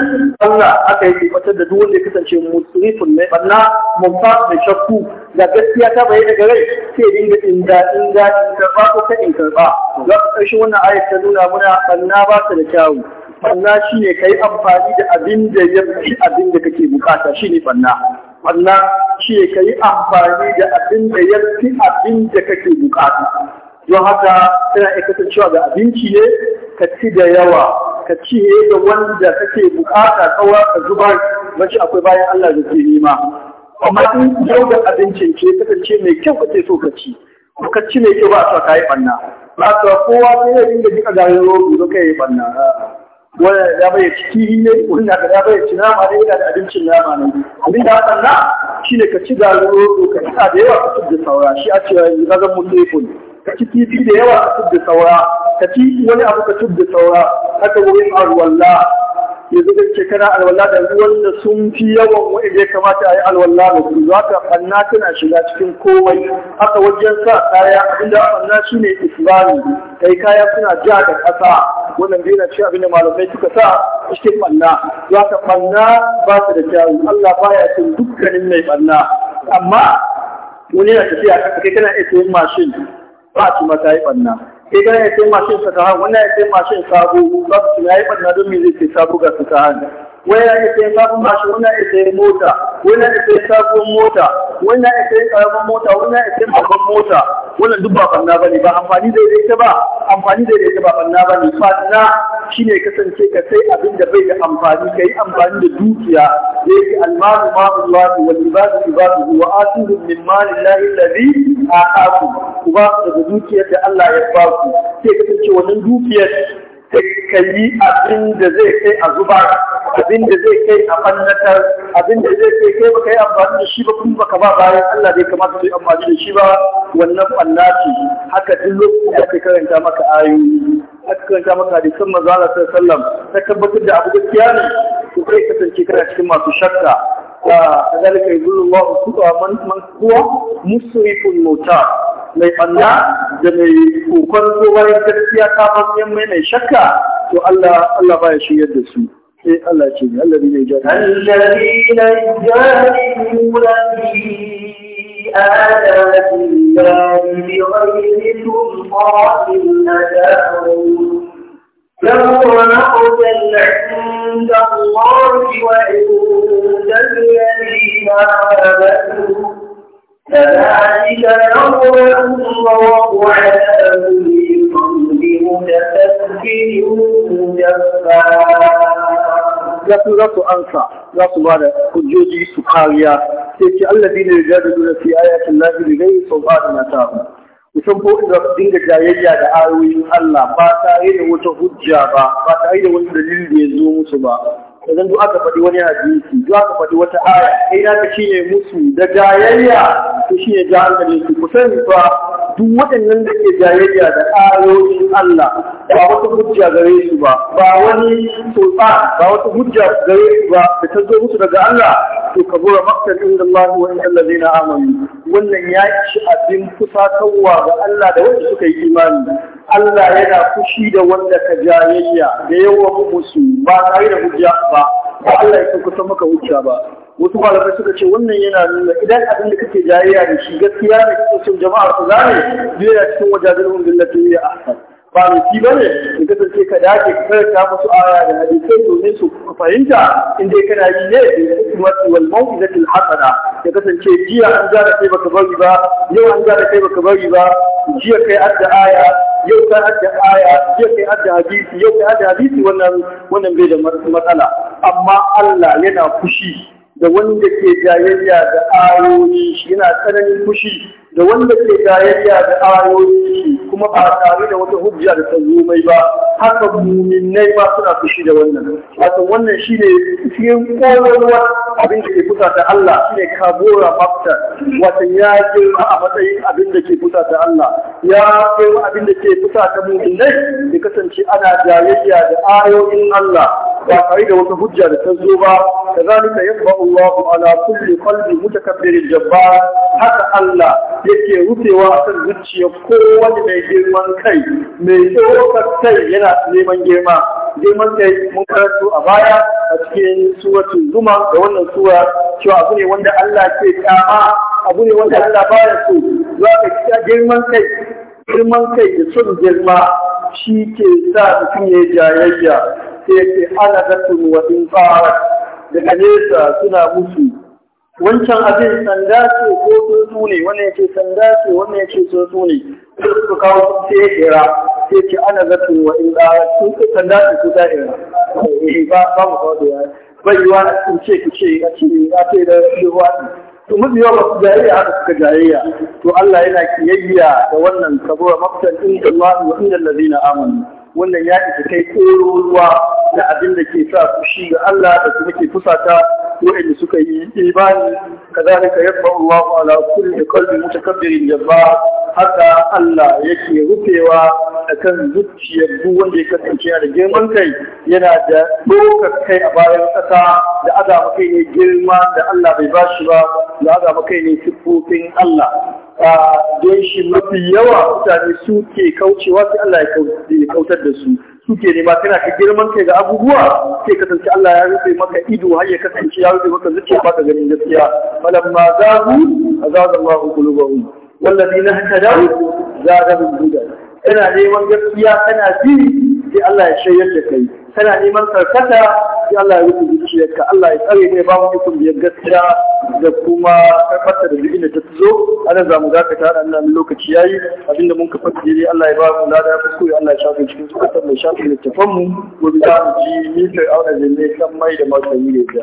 Allah aka yi tabbatar da duk wanda ya kasance musrifun mai banna mauta mai shakku da gaskiya ta bayyana daga rai sai dinga da inda in karɓa ko ta in karba za ku wannan ayat ta nuna muna banna ba ta da kyawu banna shine yi amfani da abin da ya fi abin da kake bukata ne banna banna shine yi amfani da abin da ya fi abin da kake bukata don haka tana iya kasancewa ga abinci ne ka ci da yawa ka ci ne da wanda kake bukata kawai ka zubar mace akwai bayan Allah da ke nema amma in yau da abincin ke kasance mai kyau kake so ka ci ka ci mai kyau ba a sa ka yi banna ba kowa sai ya dinga jika garin rogo da ka yi banna wannan ya bai ciki ne wani da ya bai ci nama ne yana da abincin nama ne abin da hakan na ne ka ci garo ka ci da yawa ka ci da saura shi a cewa yi mazan musulmi ka ci kifi da yawa ka ci da saura ka ci wani abu ka ci da saura haka wurin a ruwan arwalla yanzu da ke kana alwala da wanda sun fi yawan wa'in ya kamata a yi alwala da su za ka ɓanna tana shiga cikin komai haka wajen sa kaya abinda ɓanna shi ne islami kai kaya suna ja da ƙasa wannan bai na cikin abinda malamai suka sa cikin ɓanna za ka ɓanna ba su da kyawu Allah baya cin dukkanin mai ɓanna amma wani yana tafiya kai kana iya mashin ba a ci mata yi ɓanna idan ya sai mashin sakahan wannan ya sai mashin sabo za su ya yi ɓarna don me zai sai sabo ga sakahan waya ya sai sabon mashi wani ya mota wani ita sai sabon mota wani ya sai karamin mota wani ita sai babban mota wannan duk ba banna bane ba amfani da ita ba amfani da ita ba banna bane na shine kasance ka sai abin da bai da amfani kai amfani da dukiya yake almalu ma'ullahi wal ibadu ibadu wa asiru min malillahi alladhi aqaku ku ba da dukiyar da Allah ya ba ku sai kasance wannan dukiyar ka yi abin da zai kai a zubar abin da zai kai a fannatar abin da zai kai kai baka yi amfani da shi ba kuma baka ba bayan Allah bai kamata su yi amfani da shi ba wannan Allah haka duk lokacin da ake karanta maka ayoyi aka karanta maka hadisan manzo Allah sallallahu alaihi wasallam ta tabbatar da abu gaskiya ne to kai kasance kana cikin masu shakka كذلك يقول الله كتب من من هو مسرف الموتى mai ɓanna da mai kokon bayan gaskiya ta hanyar mai mai shakka to Allah Allah baya shiryar da su sai Allah ce ne Allah ne ya الله له مأوى عند الله وعند الذين آمنوا كذلك يطلع الله على كل قلب متفكر جبار za su za su ansa za su ba da hujjoji su kariya sai ce allazi ne ya jadu da fi ayatin lahi bi ghairi sawbati mata kusan ko su dinga jayayya da ayoyin Allah ba ta yi da wata hujja ba ba ta yi da wani dalili da ya zo musu ba idan zuwa aka faɗi wani hadisi Zuwa aka faɗi wata aya kai na ka shine musu da jayayya to shine ja hankali su ku sani fa duk waɗannan da ke jayayya da ayoyin Allah ba wata hujja gare su ba ba wani sulta ba wata hujja gare su ba da ta zo musu daga Allah to ka gora maktar inda Allah wa inda allazina amanu wannan ya ci abin kusa kawwa ga Allah da wanda suka yi imani Allah yana fushi da wanda ka jayayya da yawan musu ba tare da hujja ba ba Allah ya kusa maka hujja ba wasu malamai suka ce wannan yana nuna idan abin da kake jayayya da shi gaskiya ne kake sun jama'a su zane, zai ya cikin wajajen billati ya ahsan ba mai ba ne da kasance ka dace ka karanta musu aya da hadisai domin su fahimta in dai kana yi ne da hikmati wal da al hasana ya kasance jiya an gara kai baka bari ba yau an gara kai baka bari ba jiya kai adda aya yau ta adda aya yau ta adda hadisi yau ta adda hadisi wannan wannan bai da matsala amma Allah yana fushi da wanda ke jayayya da ayoyi yana tsananin fushi da wanda ke tayayya da ayoyi kuma ba tare da wata hujja da ta ba haka muminai ba suna fushi da wannan wato wannan shine cikin kowarwar abin da ke fusata Allah shine kabura mafta wato ya girma a matsayin abin da ke fusata Allah ya kai abin da ke fusata muminai ya kasance ana jayayya da ayoyin Allah ba tare da wata hujja da ta ba kazalika yasba'u Allahu ala kulli qalbi mutakabbirin jabbar haka Allah yake rufewa a kan zuciya wani mai girman kai mai ɗaukar kai yana neman girma girman kai mun karanto a baya a cikin suratun zuma ga wannan sura cewa abu ne wanda Allah ke kama abu ne wanda Allah baya so za ka girman kai girman kai da son girma shi ke sa mutum ya jayayya sai ke ana zatun wa in daga nesa suna musu wancan abin sanda ce ko tsuntsu ne wani ce sanda ce wani ce tsuntsu ne su kawo su ce kira sai ce ana zatu wa in da ce sanda ce ko ta ira eh, ba ba mu kawo da bai wa na sun ce ku ce a ce a ce da yiwa to mu biyo ba su jayayya haka suka jayayya to Allah yana kiyayya da wannan sabuwar mafitan inda Allah wa inda allazina amanu wannan ya isa kai koro ruwa da abin da ke sa shi ga Allah da kuma ke fusata inda suka yi imani kazalika yabba Allah ala kulli qalbi mutakabbirin jabbar haka Allah yake rufewa akan zuciyar duk wanda ya kasance da girman kai yana da dokar kai a bayan ƙasa da azama kai ne girma da Allah bai bashi ba da azama kai ne siffofin Allah ah, don shi mafi yawa mutane su ke kaucewa sai Allah ya kautar da su suke nema kana ka girman kai ga abubuwa sai kasance Allah ya rufe maka ido har ya kasance ya rufe maka zuciya ba ka ganin gaskiya falamma zahu azaba Allahu qulubahum والذين اهتدوا زادهم buda kana neman gaskiya kana ji sai Allah ya shayar da kai kana neman karkata sai Allah ya rufe zuciyarka Allah ya tsare ne ba mu ikon biyar gaskiya da kuma karfata da duk ta zo ana zamu dakata Allah nan lokaci yayi abinda mun kafa dai Allah ya ba mu lada ya fusko ya Allah ya shafe cikin sukatar mai shafe tafan mu gobe za mu ji ni sai aure da ne kan mai da ne da ya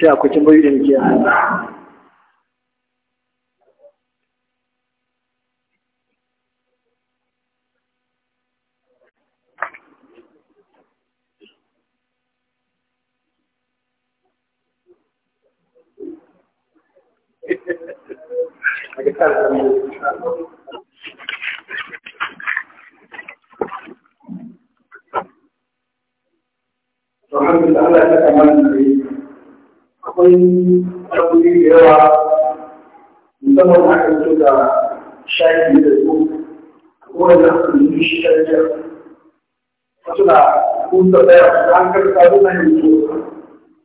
sai akwai tambayoyi da nake Alhamdulillah Allah ya da akwai abubuwa da yawa musamman a kan su da shayi da su wanda aka yi shi ta jiya wasu na kun da tsaya an karka yin su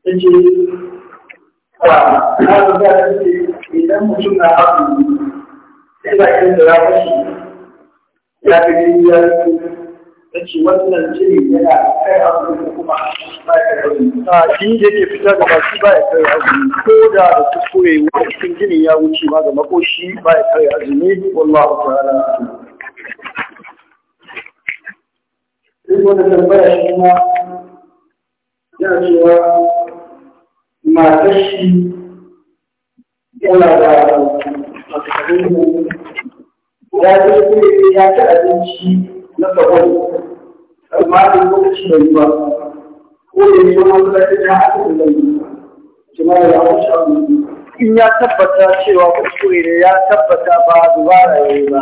ta ce ba na zuwa ta ce idan mutum na haku sai ba yin da rafa shi ya fi gani ya rufu ta ce wannan jini yana kai abu da kuma ba ya kai jini da yake fita da baki ba ya kai azumi ko da da kuskure cikin jinin ya wuce ma ga makoshi ba ya kai azumi wallahu ta'ala duk wanda tambaya shi ma yana cewa matar shi yana da mu. ya ce ya ci abinci na sabon amma da lokaci da yi ko da yi wani masallaci ta haɗu da yi jima'a ya mu. in ya tabbata cewa kuskure ya tabbata ba dubara ya yi ba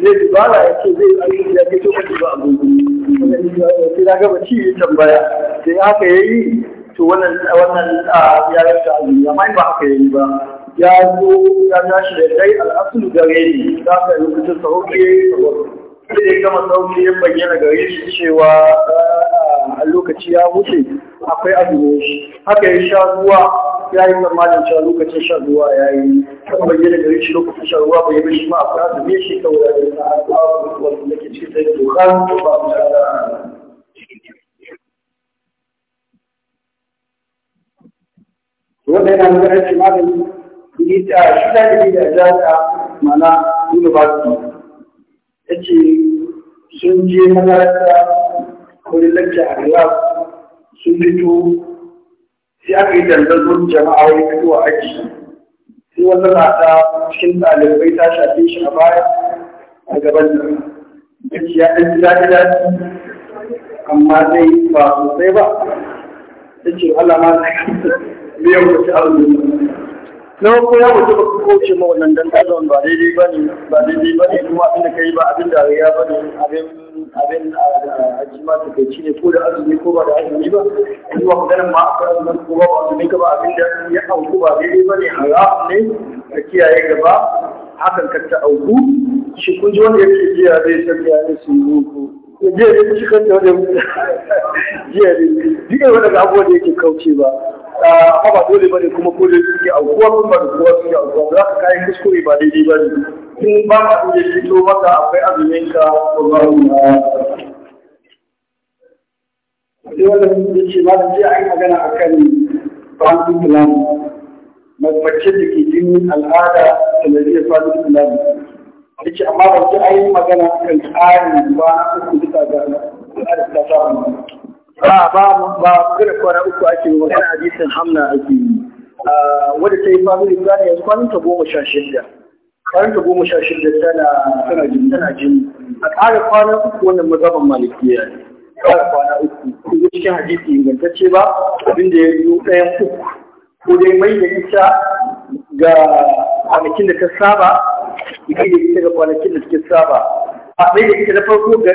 zai dubara ya ce zai aiki ya ke to ba abu ne. Sai ya gaba ci tambaya sai haka ya yi to wannan wannan ah, ya rasa azumi amma ba haka yi ba ya zo ya tashi da dai al'asul gare ni za ka yi lokacin sauke sai ya gama sauke ya bayyana gare shi cewa ah, a lokaci ya wuce akwai azumi shi haka ya sha ruwa ya yi tsammanin cewa lokacin sha ruwa ya yi kan bayyana gare shi lokacin shan ruwa bai yi shi ma akwai azumi shi kawai da ya sa a tsawon wasu da ke cikin sai da doka ba mu da wanda yana nuna aiki malami shi da shi da jami'a mana university ya sun je makaranta wurin lakci a class sun fito sai aka yi dandazon jama'a wani fito a aji sai wata mata cikin ɗalibai ta shafe shi a baya a gaban da ya ce ya ɗan ji daɗi amma dai ba sosai ba ya ce Allah ma zai me ya wuce azumin na ko ya wuce ba ku kauce ma wannan dan azon ba daidai ba ne ba daidai ba ne kuma abin da kai ba abin da ya ba ne abin abin a jima ta kai ne ko da azumi ko ba da azumi ba kuma maganar ma aka azumin ko ba azumi ka ba abin da ya auku ba daidai ba ne haram ne a kiyaye gaba hakan ka ta auku shi kun ji wanda yake jiya zai ya ne su yi jiya ne shi kan da wanda jiya ne duk wanda abubuwan da yake kauce ba amma ba dole bane kuma ko da suke aukuwa da kowa suke aukuwa za ka kayan kuskure ba daidai ba ne in ba ka iya fito maka akwai azumin ka wallahu sai wanda ya ce ma da jiya an magana mace da ke jini al'ada da na jiya fasu plan ce amma ba ji an yi magana akan tsarin ba uku ba ba magana kwana uku ake yi magana hadisin hamna ake yi ah, wadda ta yi family plan yanzu kwanan ta goma sha shida kwanan ta goma sha shida tana tana jin tana jin a ƙara kwana uku wannan mazhaban malikiya ne ƙara kwana uku ko cikin hadisi ingantacce ba Abin da ya yi ɗayan uku ko dai mai da ita ga kwanakin da ta saba mai da ita ga kwanakin da ta saba a mai da ita na farko ga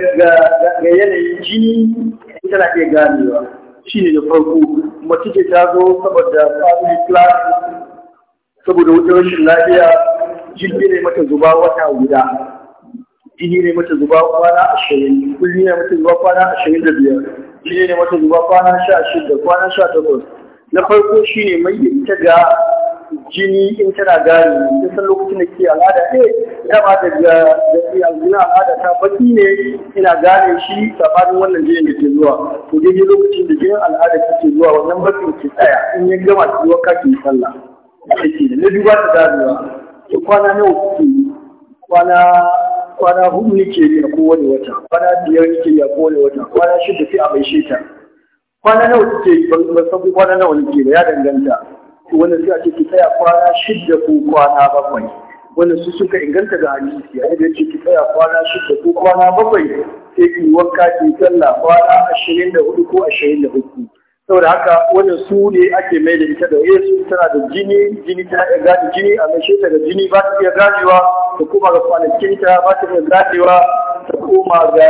yanayin jini na iya ganewa shi ne da farko mace ce ta zo saboda family class saboda wutar rashin lafiya jirgi ne mata zuba wata guda jini ne mata zuba kwana ashirin kulli ne mata zuba kwana ashirin da biyar jini ne mata zuba kwana sha shida kwana sha takwas na farko shi ne mai ita ga jini in tana gani da san lokacin da ke al'ada ya eh, ba da da aljina al'ada ta baki ne ina gane shi tsakanin wannan jinin da ke zuwa to daidai lokacin da jinin al'ada ke zuwa wannan bakin ke tsaya in ya gama zuwa wa kake sallah ke da nabi ba ta ganewa to kwana nawa kuke kwana kwana hudu nake yi a kowane wata kwana biyar nake yi a kowane wata kwana shida sai a shi ta kwana nawa kuke ban san kwana nawa nake ba ya danganta to wannan sai a ce ki tsaya kwana shidda ko kwana bakwai wannan su suka inganta da hadisi ya da yake ki tsaya kwana shidda ko kwana bakwai sai ki wanka ki sallah kwana ashirin da hudu ko ashirin da hudu saboda haka wannan su ne ake mai da ita da yesu tana da jini jini ta iya gadi. jini a mai ta da jini ba ta iya ganewa ta koma ga ta ba ta iya ganewa ta koma ga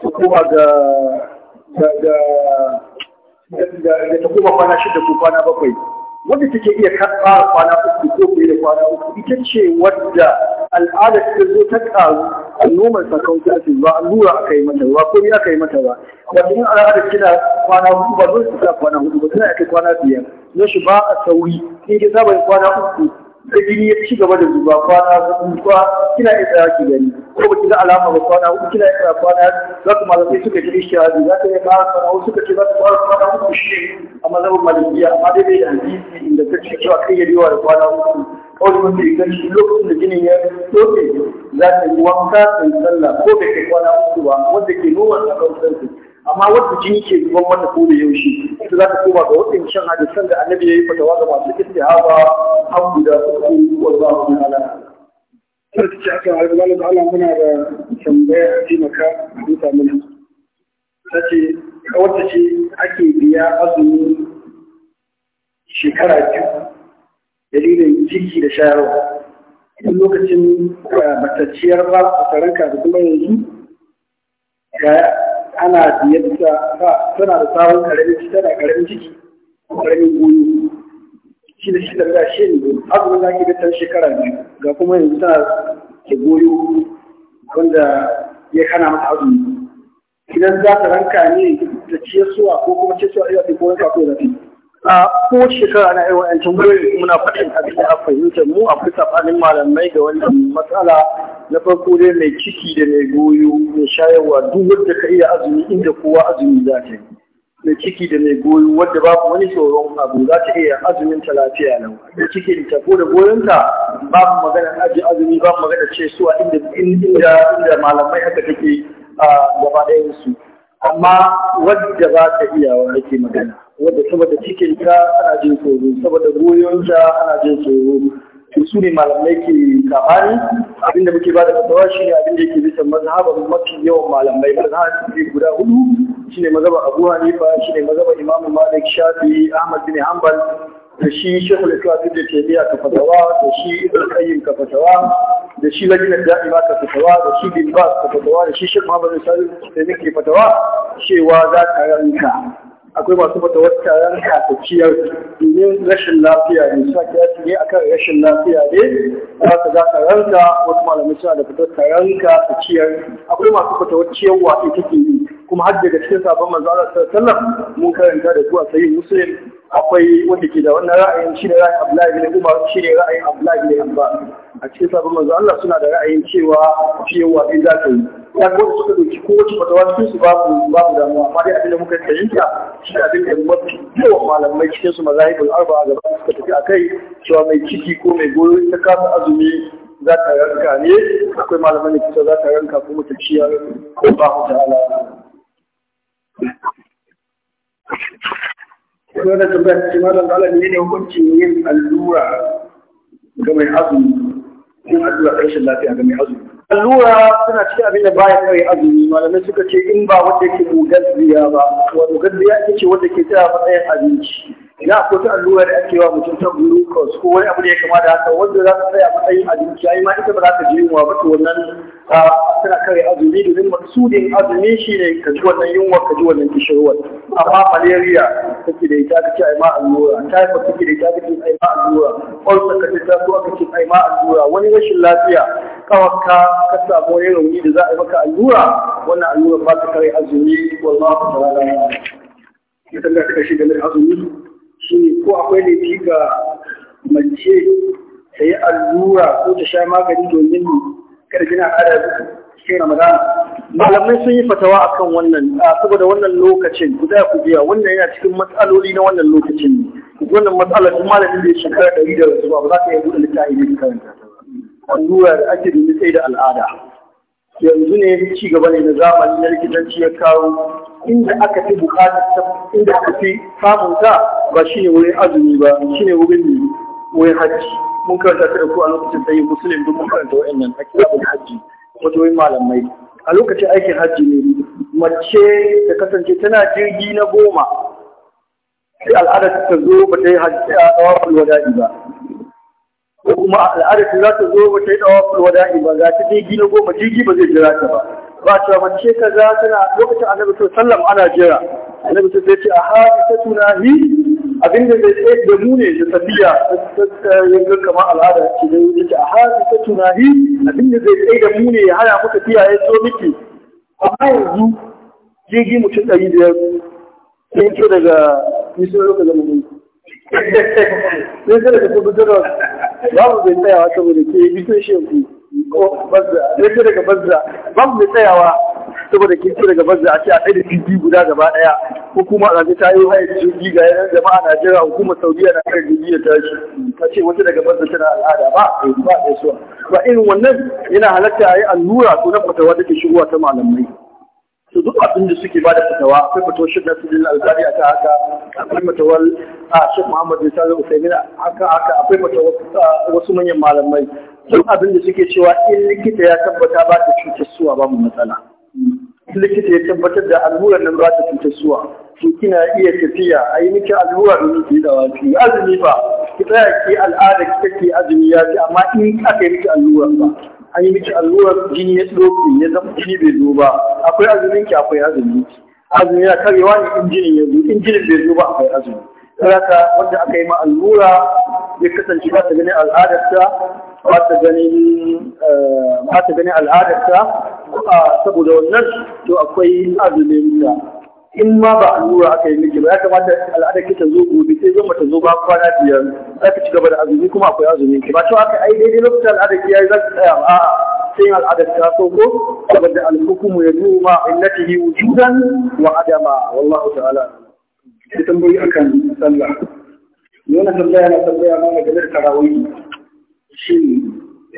ta koma ga ga da ta koma kwana shida ko kwana bakwai wanda take iya karɓa kwana uku ko fiye da kwana uku ita ce wadda al'ada ta zo ta a annoban sakauta a ba allura aka yi mata ba ko aka yi mata ba wanda in al'ada kina kwana hudu ba dole ta kwana hudu ba tana kai kwana biyar na shi ba a sauri in ki saba kwana uku da jini ya ci gaba da zuba kwana hudu kwa kina iya tsaya ki gani ko ba ki ga alama ba kwana hudu kina iya tsaya kwana za ku malamai suka ji ishihadi za ta yi fara kwana hudu suka ce za ku fara kwana hudu shi a mazhabin malikiya amma dai bai da hadisi inda ta ce cewa kai yadewa da kwana hudu kawai mafi inganci lokacin da jinin ya doke za ta yi wanka ta sallah ko bai kai kwana hudu ba wanda ke nuna a kan amma wanda jini ke zuban wannan ko da yaushe ita za ta koma ga wannan shan hadisan da annabi yayi fatawa ga masu istihaba har guda uku wallahu ta'ala sai ta ce aka haifi wani ta'ala muna da tambaya a taimaka a duka mana ta ce wata ce ake biya azumi shekara biyu dalilin ciki da shayarwa Duk lokacin matacciyar ba a taranka da kuma yanzu ga ana da ba tana da sabon karamin shi, tana karamin ciki karamin goyo shi da shi da ga shi ne azumin da ake bitan shekara biyu ga kuma yanzu tana ke goyo wanda ya kana mata azumi idan za ta ranka ne da suwa ko kuma suwa iya fi ko ranka ko zafi a ko shekara na yawan yancin goyi muna faɗin abin da a fahimta mu a akwai saɓanin malamai ga wannan matsala na farko dai mai ciki da mai goyo mai shayarwa duk wadda ka iya azumi inda kowa azumi za ta yi mai ciki da mai goyo wadda babu wani tsoron abu za ta iya azumin ta lafiya nan da ciki da tafo da goyonta babu magana aji azumi babu magana ce suwa inda inda malamai haka take a gaba ɗayan su amma wadda ba ta iya wa ake magana wadda saboda cikin ka ana jin tsoro saboda goyon ana jin tsoro to su ne malamai ke kamani abinda muke ba da fatawa shi ne abinda yake bisa mazhaban mafi yawan malamai mazhabi guda hudu shi ne mazhaban abu hanifa shi ne mazhaban imamu malik shafi ahmad bin hanbal da shi shekul islam da taimiyya ka fatawa da shi ibn qayyim ka fatawa da shi lajinar da'ima ka fatawa da shi bin bas ka fatawa da shi shekul muhammad salih da ke fatawa cewa za ka ranka akwai masu mata wata ranka ta ciyar domin rashin lafiya ne sa yaki ne akan rashin lafiya ne za ka za ka ranka wasu malamai suna da fitar ka ranka ta ciyar akwai masu mata wata ciyarwa ita ke yi kuma har daga cikin sabon manzo Allah sallallahu mun karanta da zuwa sayi muslim akwai wanda ke da wannan ra'ayin shi da ra'ayin Abdullahi bin Umar shi ne ra'ayin Abdullahi bin Abbas a cikin sabon manzo Allah suna da ra'ayin cewa cewa in za ta yi ya ga suka dauki kowace wata cikin su babu babu damuwa amma dai abin da muka fahimta shi abin da mafi yawan malamai cikin su mazahibul a gaba suka tafi a kai cewa mai ciki ko mai goyo ta kasa azumi za ta ranka ne akwai malamai da kusa za ta ranka kuma ta ciyar ko ba ta ala Kuma da tambayar cikin malam da ala ne hukuncin yin allura ga mai azumi yin addu'a rashin lafiya ga mai azumi allura suna cikin abin da baya kare azumi malamai suka ce in ba wanda yake mugaddiya ba wato gaddiya ita ce wanda ke tsaya matsayin abinci ina ko ta allura da ake wa mutum ta glucose ko wani abu da ya kama da haka wanda za ta tsaya matsayin abinci ai ma ita ba za ta ji yunwa ba to wannan tana kare azumi domin maksudin azumi shi ne ka ji wannan yunwa ka ji wannan kishirwar amma malaria take da ita kace ai ma allura typhoid take da ita kace ai ma allura ulcer kace ta so kace ai ma allura wani rashin lafiya kawaka ka samu wani rauni da za a yi maka allura wannan allura ba ta kare azumi wallahi ta'ala ya da take shi da azumi shi ko akwai laifi ga mace ta yi allura ko ta sha magani domin karfin al'ada cikin ramadana malamai sun yi fatawa akan wannan saboda wannan lokacin ku da ku biya wannan yana cikin matsaloli na wannan lokacin wannan matsalar kuma malamin da ya shekara ɗari da rasuwa ba za ka iya buɗe littafi ne karanta allura da ake domin sai da al'ada yanzu ne ci gaba ne na zamani na likitanci ya kawo inda aka fi bukatar inda aka fi samun ta ba shine wurin azumi ba shine wurin ne wurin hajji mun karanta ta ko a lokacin sai musulun duk mun karanta wa'annan a hajji wato wai malamai a lokacin aikin hajji ne mace ta kasance tana jirgi na goma sai al'ada ta zo ba ta yi hajji a tsawon wada'i ba ko kuma al'ada ta za ta zo ba ta yi tsawon wada'i ba za ta jirgi na goma jirgi ba zai jira ta ba ba ta mace kaza tana lokacin annabi sallallahu ana jira annabi sai zai ce a haɗu hadisatuna hi abinda zai tsaye da mu ne da tafiya yanzu kamar al'ada ce da yake a hadisatuna hi abinda zai tsaye da mu ne ya hana mu tafiya ya so miki amma yanzu jirgi mutum ɗari biyar sun ce daga nisan lokacin zama mai sai sai daga tabbatar da babu bai tsayawa da ke bisan shi yanzu ya ce daga banza, ban mai tsayawa saboda kin daga banza a ce a tsaye da jirgi guda gaba daya hukuma a ta yi hayar jirgi ga yanar jama'a Najeriya hukumar Saudiya na kan jirgi ya tashi ta ce wata daga banza tana al'ada ba eh, ba da suwa ba irin wannan yana halatta a yi allura ko na fatawa take shigowa ta malamai to duk abin da suke bada fatawa, akwai fitowar shi Nasiruddin Al-Albani ta haka akwai fitowar a ah, Sheikh Muhammad bin Salih Usaimin haka haka akwai fitowar ah, wasu manyan malamai duk abin da suke cewa in likita ya tabbata ba ta cutar suwa ba mu matsala in likita ya tabbatar da allurar nan ba ta cutar suwa to kina iya tafiya a yi miki allura domin yi da wafi azumi ba ki tsaya ki al'ada ki take azumi ya fi amma in aka yi miki allurar ba an yi miki allurar jini ya tsoki ya zama jini bai zo ba akwai azumin ki akwai azumin ki azumi ya karewa ne in jinin ya zo in jinin bai zo ba akwai azumi saboda wanda aka yi ma allura ya kasance ba ta ganin al'adarta Eh, ba ta ganin al'adarta saboda wannan to akwai azumin da in ma ba allura aka yi miki ba ya kamata al'adar ki ta zo gobe sai zo mata zo ba kwana biyar za ki ci gaba da azumi kuma akwai azumin ki ba to aka ai daidai lokacin al'adar ki yayi za ki tsaya a'a sai al'adar ta so ko saboda al-hukumu yadu ma illatihi wujudan wa adama wallahu ta'ala ki tambayi akan sallah yana tambaya na tambaya mana game da tarawih shi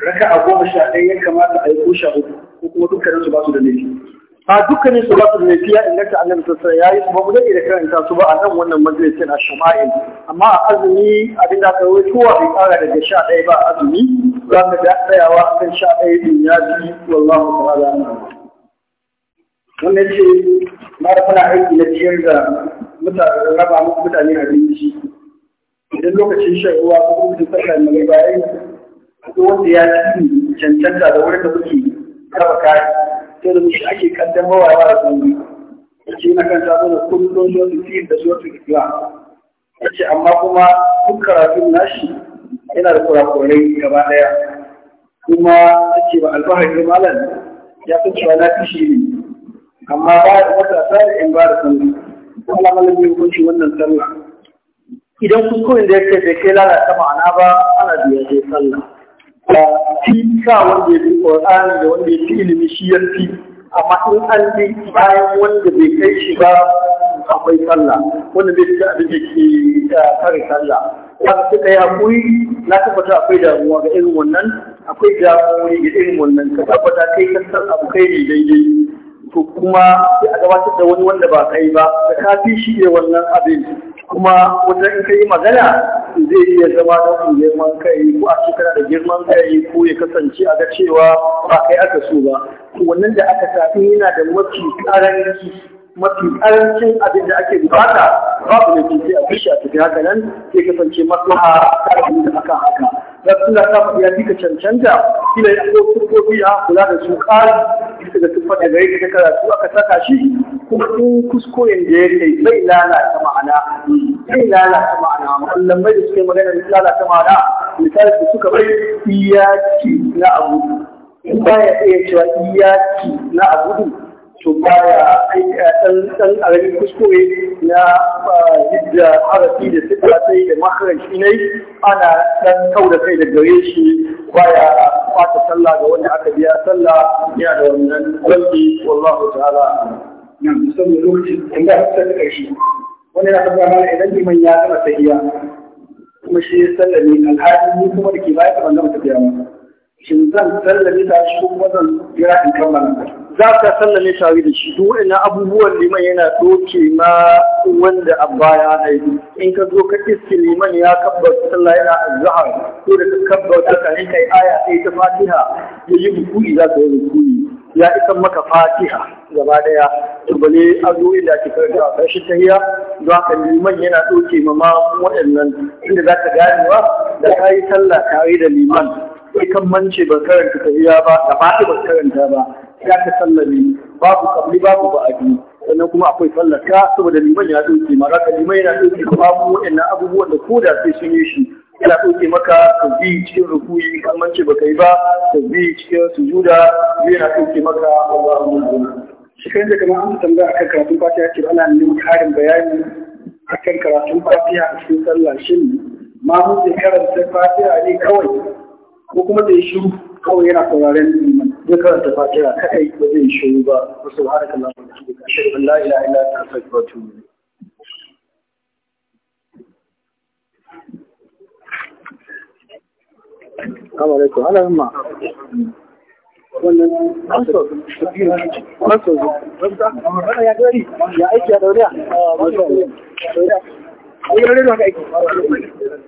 raka a goma sha ɗaya ya kamata a yi ko sha uku ko kuma dukkanin su ba su da laifi a dukkanin su ba su da laifi ya inganta annabi sassa ya yi kuma ba mu dade da karanta su ba a nan wannan majalisin a shama'il amma a azumi abin da aka yi kowa bai kara daga sha ɗaya ba a azumi za ka ga tsayawa a kan sha ɗaya din ya ji wallahu ta'ala wannan ce ma da kuna aiki na ciyar da mutane raba mutane abinci idan lokacin shan ruwa ko kuma sallar magariba yayin ko wanda ya fi cancanta da wurin da kuke raba kayi sai da shi ake kaddamarwa ya rasu yace na kan tafi da kullum da su fi da su su islam yace amma kuma duk karatun nashi yana da kurakurai gaba daya kuma yace ba alfahari malam ya fi cewa na fishi ne amma ba da wata sai in ba da sallah Allah malamin hukunci wannan sallah idan kuskuren da ya yake da ke lalata ma'ana ba ana biya sai sallah fi sa wanda ya fi ƙorani da wanda ya fi ilimi shi ya fi amma in an bi bayan wanda bai kai shi ba akwai sallah wanda bai fi abin da ke eh, kare sallah wanda suka ya kuri na tabbata akwai damuwa ga irin wannan akwai damuwa ga irin wannan ka tabbata kai ka san abu kai ne daidai to kuma sai a gabatar da wani wanda ba kai ba da ka fi shi ne wannan abin kuma wata in kai magana zai iya zama da girman kai ko a ce kana da girman kai ko ya kasance a ga cewa ba kai aka so ba wannan da aka tafi yana da mafi karanci mafi karancin abin da ake bukata babu da jinsi a bishi a tafi haka nan zai kasance maslaha ta abin da aka haka za su na samun ya fi ka cancanta kila ya ko kurkofi a kula da su ƙari bisa da tuffar da gari ka karatu aka saka shi kuma in kuskuren da ya kai zai lalata ma'ana zai lalata ma'ana mallan bai da suke magana da lalata ma'ana misali da suka bai iyaki na abu baya iya cewa iyaki na abu to baya ɗan-ɗan alamin kuskure na hijja harafi da suka sai da makaranci ne ana ɗan kau da kai da gare shi baya fata sallah ga wanda aka biya sallah ya da wannan wani wallahu ta'ala na musamman lokacin inda ta da karshe wani na tabbata mana idan liman ya gama sahiya kuma shi ne Alhaji alhali kuma da ke baya ta bangama tafiya ma shin zan sallami ta shi kuma zan jira in kammala za ka sallame tare da shi duk waɗannan abubuwan liman yana doke ma wanda a baya na in ka zo ka iske liman ya kabbar sallah yana azhar ko da ka kabbar ta kai kai aya sai ta fatiha ya yi rukui za ka yi rukui ya isa maka fatiha gaba daya to bale azoyi da ake karanta a ƙarshen tahiya don ka liman yana doke ma ma waɗannan inda za ka ganewa da ka yi sallah tare da liman sai kan mance ba karanta tahiya ba da fatiha ba karanta ba ya ta sallami, babu kabli babu ba'adi sannan kuma akwai sallar ta saboda liman ya dauke ma zaka liman yana dauke ma babu waɗannan abubuwan da ko da sai sun yi shi yana dauke maka tasbih cikin rukuyi kamar ce baka yi ba tasbih cikin sujuda yana dauke maka Allahu akbar shi kan da kamar an tambaya akan karatun fatiha ce ana neman karin bayani akan karatun fatiha a cikin sallah shin ma mun karanta fatiha ne kawai ko kuma zai shiru kawai yana sauraren liman zai karanta fatiha kadai ba zai shiru ba wa subhanaka allahumma wa bihamdika ashhadu an la Ala Wannan ya aiki ya dauriya. Maso dauriya. Ai gari da aiki.